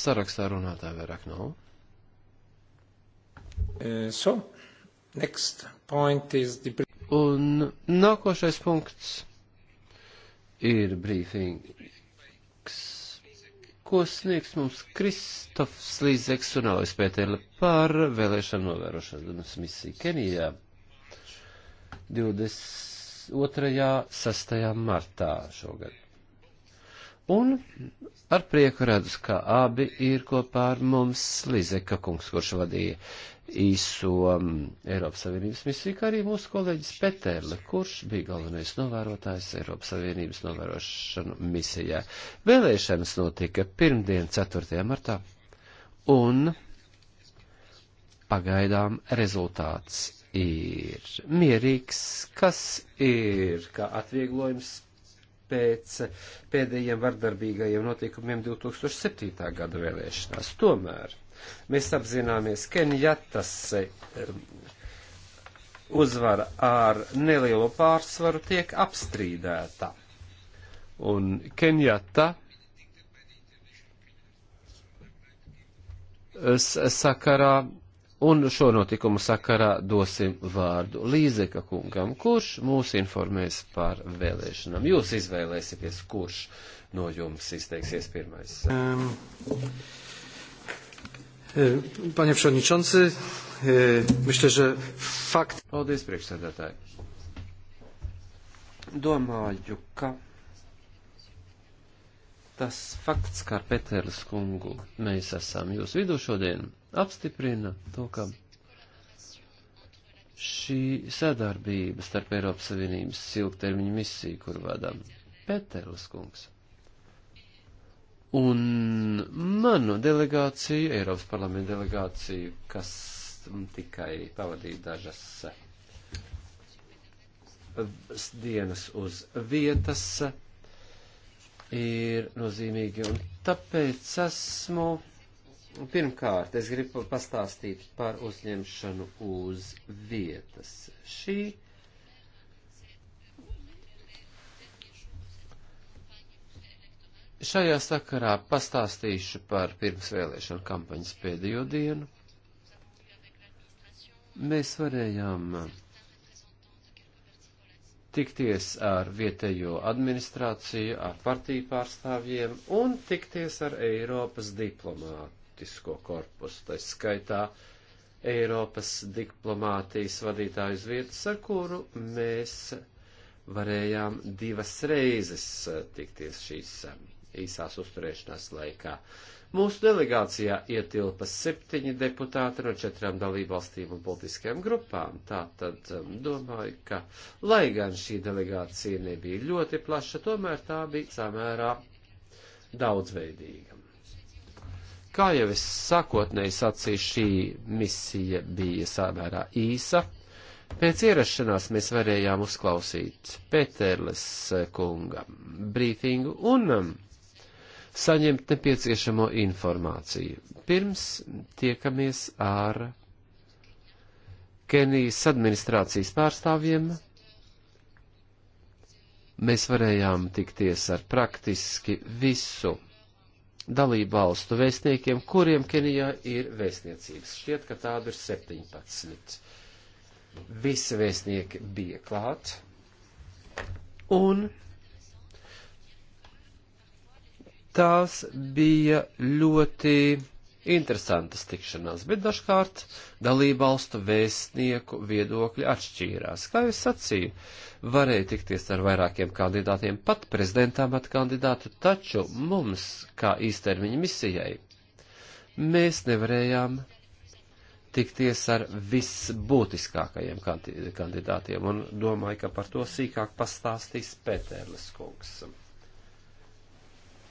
sarakstā runātāja vairāk nav. Eh, so, next point is the... Un nākošais punkts ir brīfings, ko sniegs mums Kristofs Līzeks un Alois Pēterle par vēlēšanu novērošanas misiju Kenijā 22. 6. martā šogad. Un ar prieku redzu, ka abi ir kopā ar mums Līzeka kungs, kurš vadīja īso mm, Eiropas Savienības misiju, kā arī mūsu kolēģis Peterle, kurš bija galvenais novērotājs Eiropas Savienības novērošanu misijā. Vēlēšanas notika pirmdien, 4. martā, un pagaidām rezultāts ir mierīgs, kas ir kā atvieglojums pēc pēdējiem vardarbīgajiem notikumiem 2007. gada vēlēšanās. Tomēr Mēs apzināmies, Kenjatas e, e, uzvara ar nelielu pārsvaru tiek apstrīdēta. Un Kenjata sakarā un šo notikumu sakarā dosim vārdu Līzeka kungam, kurš mūs informēs par vēlēšanām. Jūs izvēlēsieties, kurš no jums izteiksies pirmais. Um. E, panie Przewodniczący, e, myślę, że fakt... Paldies, priekšsēdētāji. Domāju, ka tas fakts, kā Peteras kungu mēs esam jūs vidu šodien, apstiprina to, ka šī sadarbība starp Eiropas Savienības ilgtermiņa misiju, kur vadām Peteras kungs, Un manu delegāciju, Eiropas parlamenta delegāciju, kas tikai pavadīja dažas eh, dienas uz vietas, ir nozīmīgi. Un tāpēc esmu, pirmkārt, es gribu pastāstīt par uzņemšanu uz vietas. Šī Šajā sakarā pastāstīšu par pirmsvēlēšanu kampaņas pēdējo dienu. Mēs varējām tikties ar vietējo administrāciju, ar partiju pārstāvjiem un tikties ar Eiropas diplomātisko korpusu, tā skaitā Eiropas diplomātijas vadītājus vietas, ar kuru mēs varējām divas reizes tikties šīs īsās uzturēšanās laikā. Mūsu delegācijā ietilpa septiņi deputāti no četrām dalībvalstīm un politiskajām grupām. Tātad um, domāju, ka, lai gan šī delegācija nebija ļoti plaša, tomēr tā bija samērā daudzveidīga. Kā jau es sākotnēji sacīju, šī misija bija samērā īsa. Pēc ierašanās mēs varējām uzklausīt Pēterles uh, kungam brīfingu un um, saņemt nepieciešamo informāciju. Pirms tiekamies ar Kenijas administrācijas pārstāvjiem, mēs varējām tikties ar praktiski visu dalību valstu vēstniekiem, kuriem Kenijā ir vēstniecības. Šķiet, ka tādu ir 17. Visi vēstnieki bija klāt. Un Tās bija ļoti interesantas tikšanās, bet dažkārt dalībvalstu vēstnieku viedokļi atšķīrās. Kā jau sacīju, varēja tikties ar vairākiem kandidātiem, pat prezidentām at kandidātu, taču mums, kā īstermiņa misijai, mēs nevarējām tikties ar visbūtiskākajiem kandidātiem, un domāju, ka par to sīkāk pastāstīs Pēterlis kungs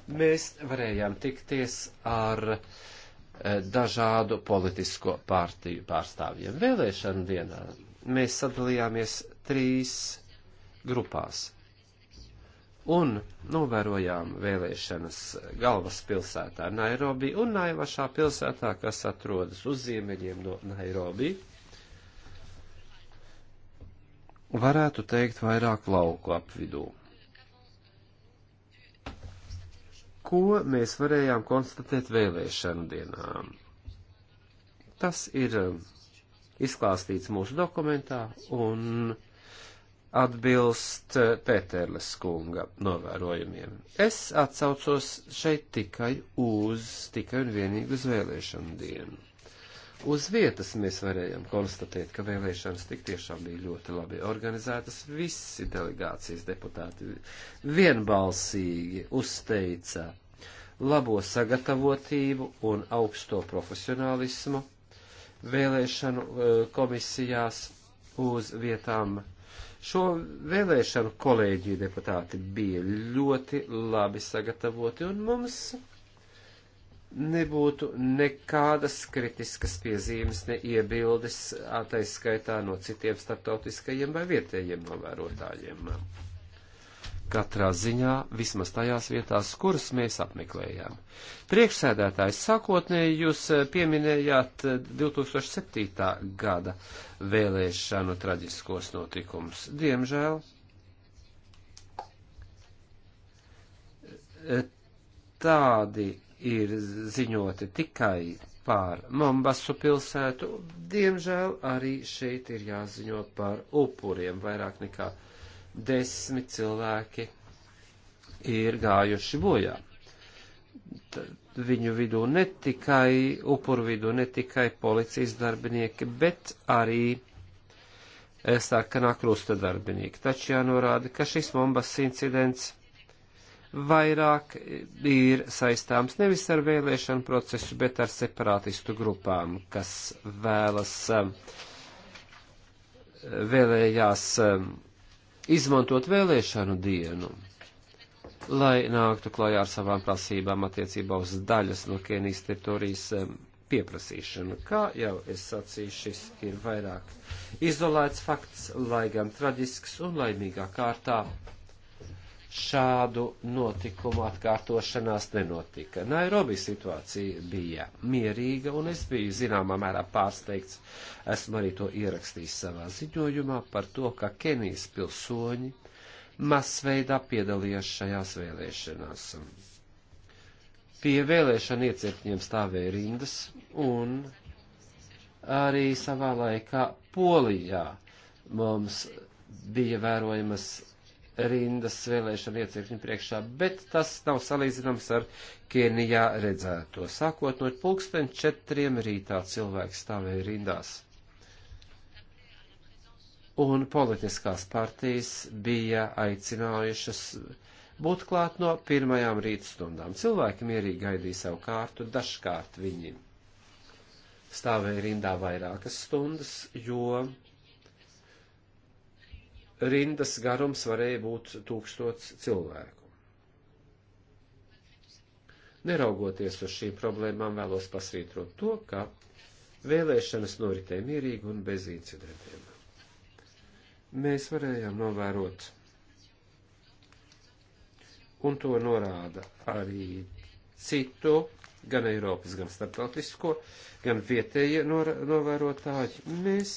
mēs varējām tikties ar eh, dažādu politisko pārtīju pārstāvjiem. Vēlēšana dienā mēs sadalījāmies trīs grupās un novērojām vēlēšanas galvaspilsētā Nairobi un Naivašā pilsētā, kas atrodas uz ziemeļiem no Nairobi. Varētu teikt vairāk lauku apvidū. ko mēs varējām konstatēt vēlēšanu dienām. Tas ir um, izklāstīts mūsu dokumentā un atbilst uh, Pēterles kunga novērojumiem. Es atsaucos šeit tikai uz, tikai un vienīgi uz vēlēšanu dienu. Uz vietas mēs varējām konstatēt, ka vēlēšanas tik tiešām bija ļoti labi organizētas. Visi delegācijas deputāti vienbalsīgi uzteica labo sagatavotību un augsto profesionālismu vēlēšanu e, komisijās uz vietām. Šo vēlēšanu kolēģiju deputāti bija ļoti labi sagatavoti un mums nebūtu nekādas kritiskas piezīmes, ne iebildes, ataiskaitā no citiem starptautiskajiem vai vietējiem novērotājiem katrā ziņā vismaz tajās vietās, kuras mēs apmeklējām. Priekšsēdētājs sākotnēji jūs eh, pieminējāt 2007. Eh, gada vēlēšanu traģiskos notikumus. Diemžēl eh, tādi ir ziņoti tikai pār Mombasu pilsētu. Diemžēl arī šeit ir jāziņo par upuriem vairāk nekā 100 desmit cilvēki ir gājuši bojā. Tad viņu vidū ne tikai, upuru vidū ne tikai policijas darbinieki, bet arī eh, sarkanā krusta darbinieki. Taču jānorāda, ka šis bombas incidents vairāk ir saistāms nevis ar vēlēšanu procesu, bet ar separātistu grupām, kas vēlas eh, vēlējās eh, izmantot vēlēšanu dienu, lai nāktu klajā ar savām prasībām attiecībā uz daļas no Kenijas teritorijas pieprasīšanu. Kā jau es sacīju, šis ir vairāk izolēts fakts, lai gan traģisks un laimīgā kārtā šādu notikumu atkārtošanās nenotika. Nairobi situācija bija mierīga, un es biju zināmā mērā pārsteigts, esmu arī to ierakstījis savā ziņojumā par to, ka Kenijas pilsoņi masveidā piedalījās šajās vēlēšanās. Pie vēlēšana iecirkņiem stāvēja rindas, un arī savā laikā Polijā mums bija vērojamas rindas vēlēšana iecirkņu priekšā, bet tas nav salīdzināms ar Kenijā redzēto. Sākot no pulksten četriem rītā cilvēki stāvēja rindās. Un politiskās partijas bija aicinājušas būt klāt no pirmajām rīta stundām. Cilvēki mierīgi gaidīja savu kārtu, dažkārt viņi stāvēja rindā vairākas stundas, jo rindas garums varēja būt tūkstots cilvēku. Neraugoties uz šīm problēmām, vēlos pasvītrot to, ka vēlēšanas noritēja mierīgi un bez incidentiem. Mēs varējām novērot, un to norāda arī citu, gan Eiropas, gan starptautisko, gan vietējie novērotāji. Mēs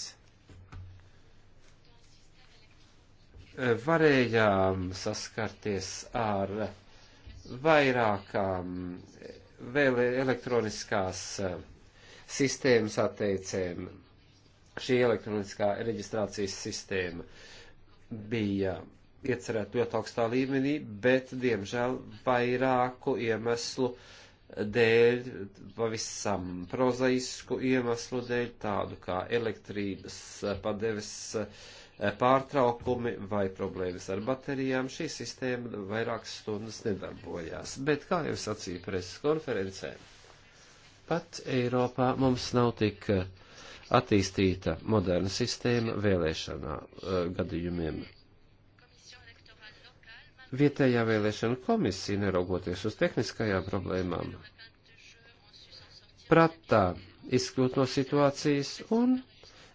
Eh, varējām saskarties ar vairākām eh, vēl elektroniskās eh, sistēmas atteicēm. Šī elektroniskā reģistrācijas sistēma bija iecerēta ļoti augstā līmenī, bet, diemžēl, vairāku iemeslu dēļ, pavisam prozaisku iemeslu dēļ, tādu kā elektrības padeves uh, Eh, pārtraukumi vai problēmas ar baterijām, šī sistēma vairākas stundas nedarbojās. Bet, kā jau sacīja preses konferencē, pat Eiropā mums nav tik eh, attīstīta moderna sistēma vēlēšanā eh, gadījumiem. Vietējā vēlēšana komisija, neraugoties uz tehniskajām problēmām, prata izkļūt no situācijas un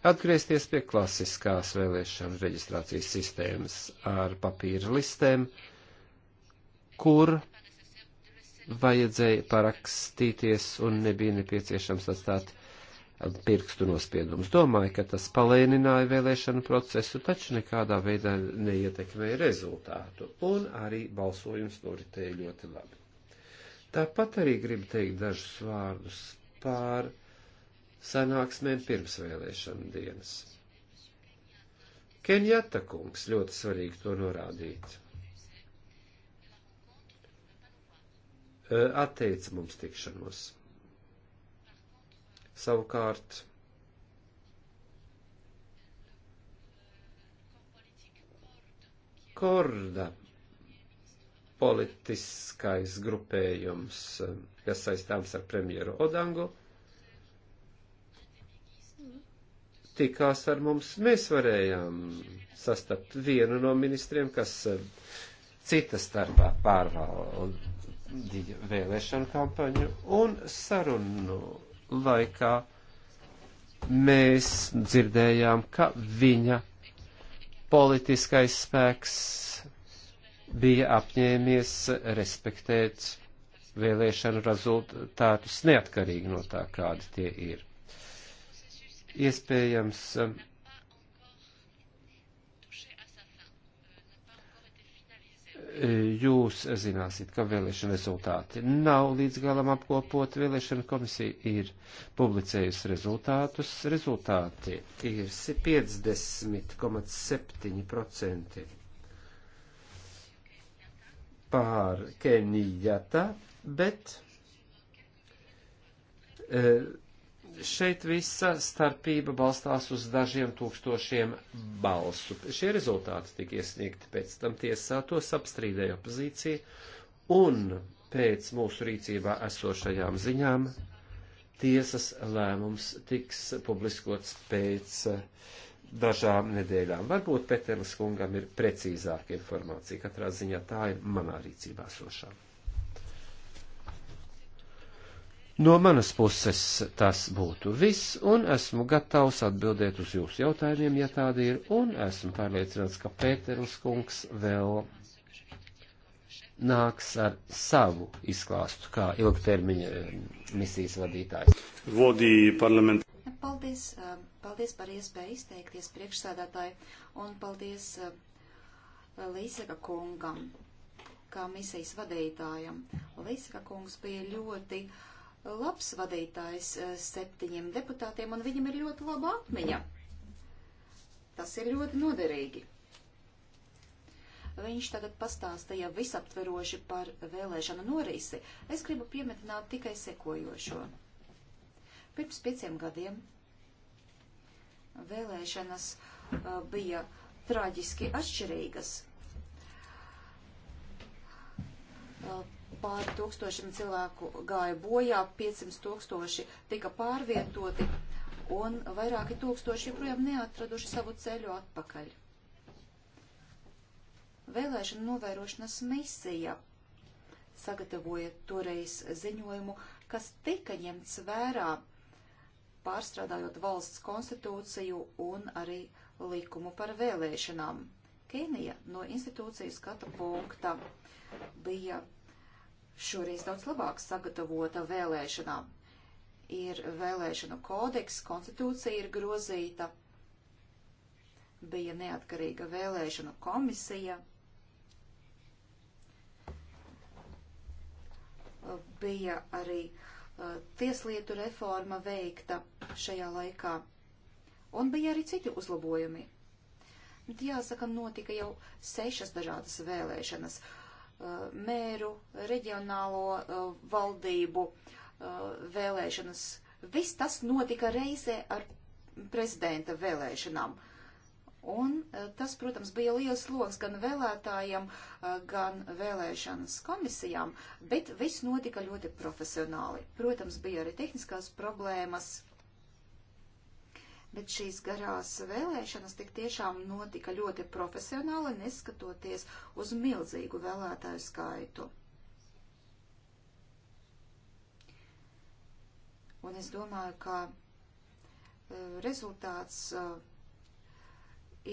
atgriezties pie klasiskās vēlēšanu reģistrācijas sistēmas ar papīra listēm, kur vajadzēja parakstīties un nebija nepieciešams atstāt pirkstu nospiedumus. Domāju, ka tas palēnināja vēlēšanu procesu, taču nekādā veidā neietekmēja rezultātu, un arī balsojums noritēja ļoti labi. Tāpat arī gribu teikt dažus vārdus pār sanāksmēm pirms vēlēšana dienas. Kenjata kungs ļoti svarīgi to norādīt. Atteica mums tikšanos. Savukārt, korda politiskais grupējums, kas saistāms ar premjeru Odangu, tikās ar mums, mēs varējām sastapt vienu no ministriem, kas eh, cita starpā pārvaldīja vēlēšanu kampaņu un sarunu laikā mēs dzirdējām, ka viņa politiskais spēks bija apņēmies respektēt vēlēšanu rezultātus neatkarīgi no tā, kādi tie ir iespējams um, jūs zināsiet, ka vēlēšana rezultāti nav līdz galam apkopot. Vēlēšana komisija ir publicējusi rezultātus. Rezultāti ir 50,7% pār Kenijata, bet. Uh, e, šeit visa starpība balstās uz dažiem tūkstošiem balsu. Šie rezultāti tika iesniegti pēc tam tiesā, tos apstrīdēja opozīcija, un pēc mūsu rīcībā esošajām ziņām tiesas lēmums tiks publiskots pēc eh, dažām nedēļām. Varbūt Peterlis kungam ir precīzāka informācija, katrā ziņā tā ir manā rīcībā esošā. No manas puses tas būtu viss, un esmu gatavs atbildēt uz jūsu jautājumiem, ja tādi ir, un esmu pārliecināts, ka Pēterus kungs vēl nāks ar savu izklāstu kā ilgtermiņa eh, misijas vadītājs. Vodīja parlamentu. Paldies, eh, paldies par iespēju izteikties priekšsādātāji un paldies eh, Līseka kungam kā misijas vadītājam. Līseka kungs bija ļoti uh, labs vadītājs eh, septiņiem deputātiem, un viņam ir ļoti laba atmiņa. Tas ir ļoti noderīgi. Viņš tagad pastāstīja visaptveroši par vēlēšanu norisi. Es gribu piemetināt tikai sekojošo. Pirms pieciem gadiem vēlēšanas eh, bija traģiski atšķirīgas eh, pāri tūkstošiem cilvēku gāja bojā, 500 tūkstoši tika pārvietoti un vairāki tūkstoši joprojām neatraduši savu ceļu atpakaļ. Vēlēšana novērošanas misija sagatavoja toreiz ziņojumu, kas tika ņemts vērā, pārstrādājot valsts konstitūciju un arī likumu par vēlēšanām. Kenija no institūcijas skatu punkta bija šoreiz daudz labāk sagatavota vēlēšanām. Ir vēlēšanu kodeks, konstitūcija ir grozīta, bija neatkarīga vēlēšanu komisija, bija arī uh, tieslietu reforma veikta šajā laikā, un bija arī citi uzlabojumi. Bet jāsaka, notika jau sešas dažādas vēlēšanas, Uh, mēru, reģionālo uh, valdību uh, vēlēšanas. Viss tas notika reizē ar prezidenta vēlēšanām. Un tas, protams, bija liels sloks gan vēlētājiem, gan vēlēšanas komisijām, bet viss notika ļoti profesionāli. Protams, bija arī tehniskās problēmas, bet šīs garās vēlēšanas tik tiešām notika ļoti profesionāli, neskatoties uz milzīgu vēlētāju skaitu. Un es domāju, ka e, rezultāts e,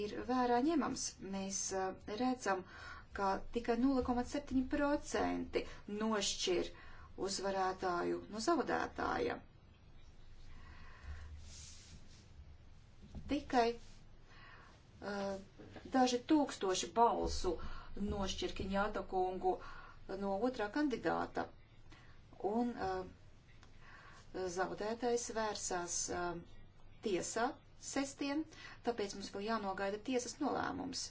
ir vērā ņemams. Mēs e, redzam, ka tikai 0,7% nošķir uzvarētāju no zaudētāja. Tikai uh, daži tūkstoši balsu nošķirki Ņāta kungu no otrā kandidāta. Un uh, zaudētais vērsās uh, tiesā sestdien, tāpēc mums vēl jānogaida tiesas nolēmums.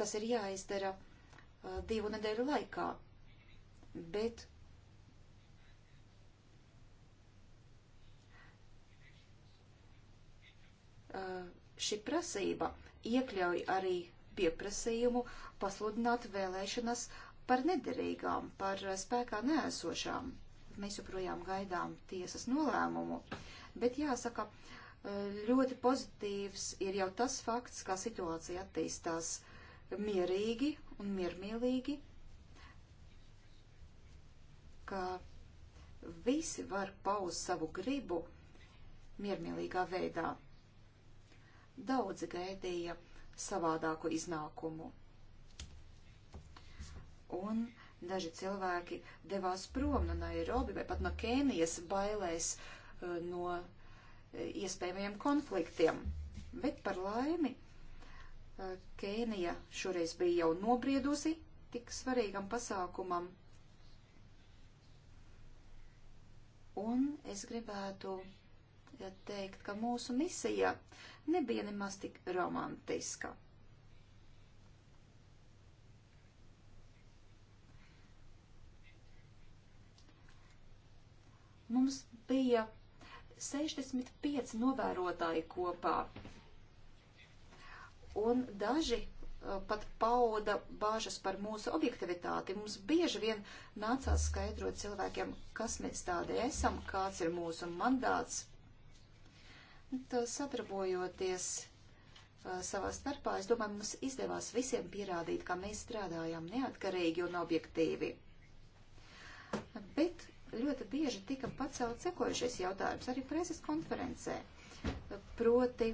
Tas ir jāizdara divu nedēļu laikā, bet Eh, šī prasība iekļauj arī pieprasījumu pasludināt vēlēšanas par nederīgām, par spēkā neesošām. Mēs joprojām gaidām tiesas nolēmumu, bet jāsaka, eh, ļoti pozitīvs ir jau tas fakts, kā situācija attīstās mierīgi un miermīlīgi, ka visi var paust savu gribu miermīlīgā veidā. Daudzi gaidīja savādāku iznākumu. Un daži cilvēki devās prom no Nairobi vai pat no Kēnijas bailēs eh, no eh, iespējamiem konfliktiem. Bet par laimi eh, Kēnija šoreiz bija jau nobriedusi tik svarīgam pasākumam. Un es gribētu ja teikt, ka mūsu misija nebija nemaz tik romantiska. Mums bija 65 novērotāji kopā, un daži uh, pat pauda bāžas par mūsu objektivitāti. Mums bieži vien nācās skaidrot cilvēkiem, kas mēs tādi esam, kāds ir mūsu mandāts, to sadarbojoties uh, savā starpā, es domāju, mums izdevās visiem pierādīt, ka mēs strādājam neatkarīgi un objektīvi. Bet ļoti bieži tika pacelt sekojušais jautājums arī preses konferencē. Proti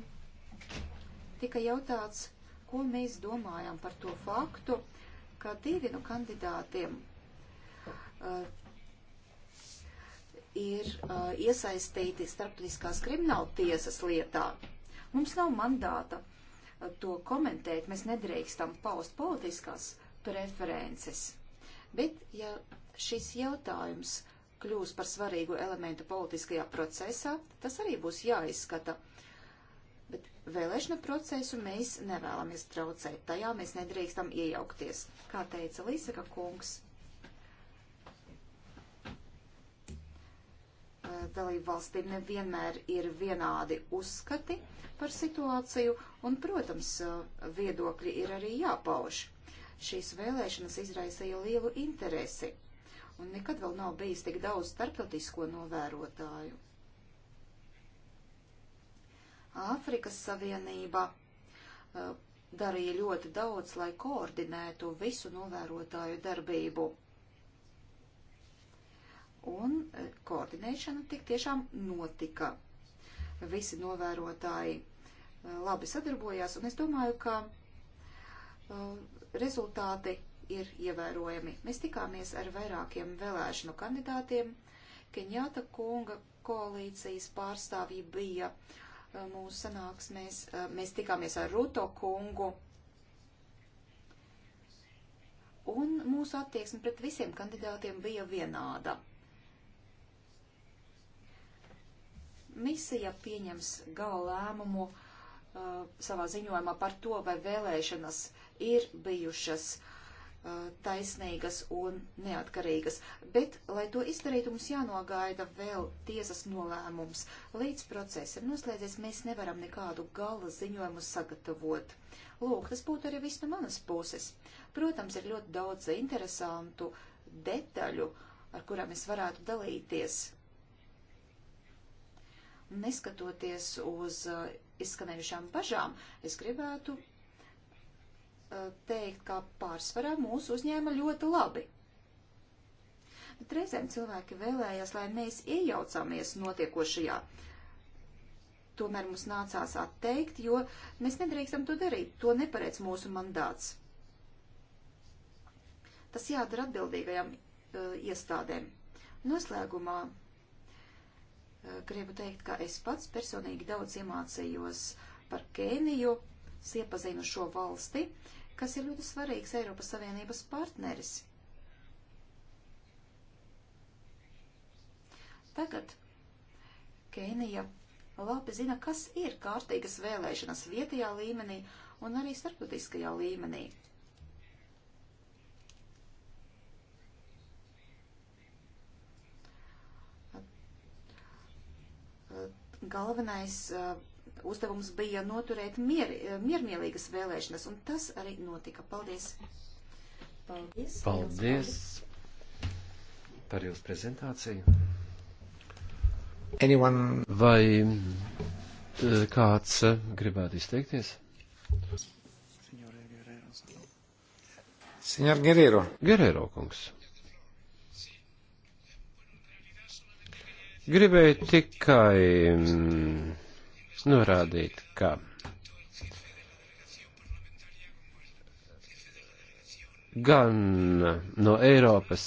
tika jautāts, ko mēs domājam par to faktu, ka divi no kandidātiem uh, ir uh, iesaistīti starptautiskās krimināla tiesas lietā. Mums nav mandāta uh, to komentēt, mēs nedrīkstam paust politiskās preferences. Bet, ja šis jautājums kļūs par svarīgu elementu politiskajā procesā, tas arī būs jāizskata. Bet vēlēšana procesu mēs nevēlamies traucēt, tajā mēs nedrīkstam iejaukties, kā teica Līsaka kungs dalību valstīm nevienmēr ir vienādi uzskati par situāciju, un, protams, viedokļi ir arī jāpauž. Šīs vēlēšanas izraisīja lielu interesi, un nekad vēl nav bijis tik daudz starptautisko novērotāju. Āfrikas Savienība eh, darīja ļoti daudz, lai koordinētu visu novērotāju darbību un e, koordinēšana tik tiešām notika. Visi novērotāji e, labi sadarbojās, un es domāju, ka e, rezultāti ir ievērojami. Mēs tikāmies ar vairākiem vēlēšanu kandidātiem. Kenjāta kunga koalīcijas pārstāvji bija mūsu sanāksmēs. Mēs tikāmies ar Ruto kungu. Un mūsu attieksme pret visiem kandidātiem bija vienāda. Misija pieņems gala lēmumu uh, savā ziņojumā par to, vai vēlēšanas ir bijušas uh, taisnīgas un neatkarīgas. Bet, lai to izdarītu, mums jānogaida vēl tiesas nolēmums. Līdz process ir noslēdzies, mēs nevaram nekādu gala ziņojumu sagatavot. Lūk, tas būtu arī viss no manas puses. Protams, ir ļoti daudz interesantu detaļu, ar kurām es varētu dalīties neskatoties uz uh, izskanējušām bažām, es gribētu uh, teikt, ka pārsvarā mūs uzņēma ļoti labi. Bet reizēm cilvēki vēlējās, lai mēs iejaucāmies notiekošajā. Tomēr mums nācās atteikt, jo mēs nedrīkstam to darīt. To nepareic mūsu mandāts. Tas jādara atbildīgajām uh, iestādēm. Noslēgumā Eh, gribu teikt, ka es pats personīgi daudz iemācījos par Kēniju, iepazinu šo valsti, kas ir ļoti svarīgs Eiropas Savienības partneris. Tagad Kēnija labi zina, kas ir kārtīgas vēlēšanas vietējā līmenī un arī starptautiskajā līmenī. galvenais uh, uzdevums bija noturēt mier, uh, miermīlīgas vēlēšanas, un tas arī notika. Paldies! Paldies! Paldies par jūsu prezentāciju! Anyone? Vai uh, kāds uh, gribētu izteikties? Senjor Guerrero. Guerrero kungs. Gribēju tikai mm, norādīt, ka gan no Eiropas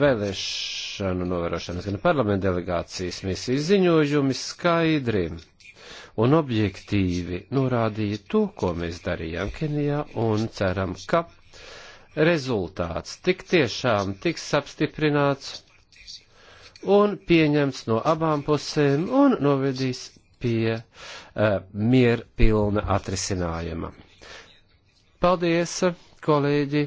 vēlēšanu novērošanas, gan parlamenta delegācijas misijas ziņojumi skaidri un objektīvi norādīja to, ko mēs darījām Kenijā, un ceram, ka rezultāts tik tiešām tiks apstiprināts un pieņemts no abām pusēm un novedīs pie uh, mierpilna atrisinājuma. Paldies, kolēģi!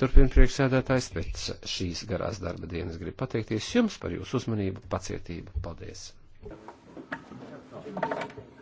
Turpin priekšsēdētājs pēc šīs garās darba dienas grib pateikties jums par jūsu uzmanību, pacietību. Paldies! Thank you.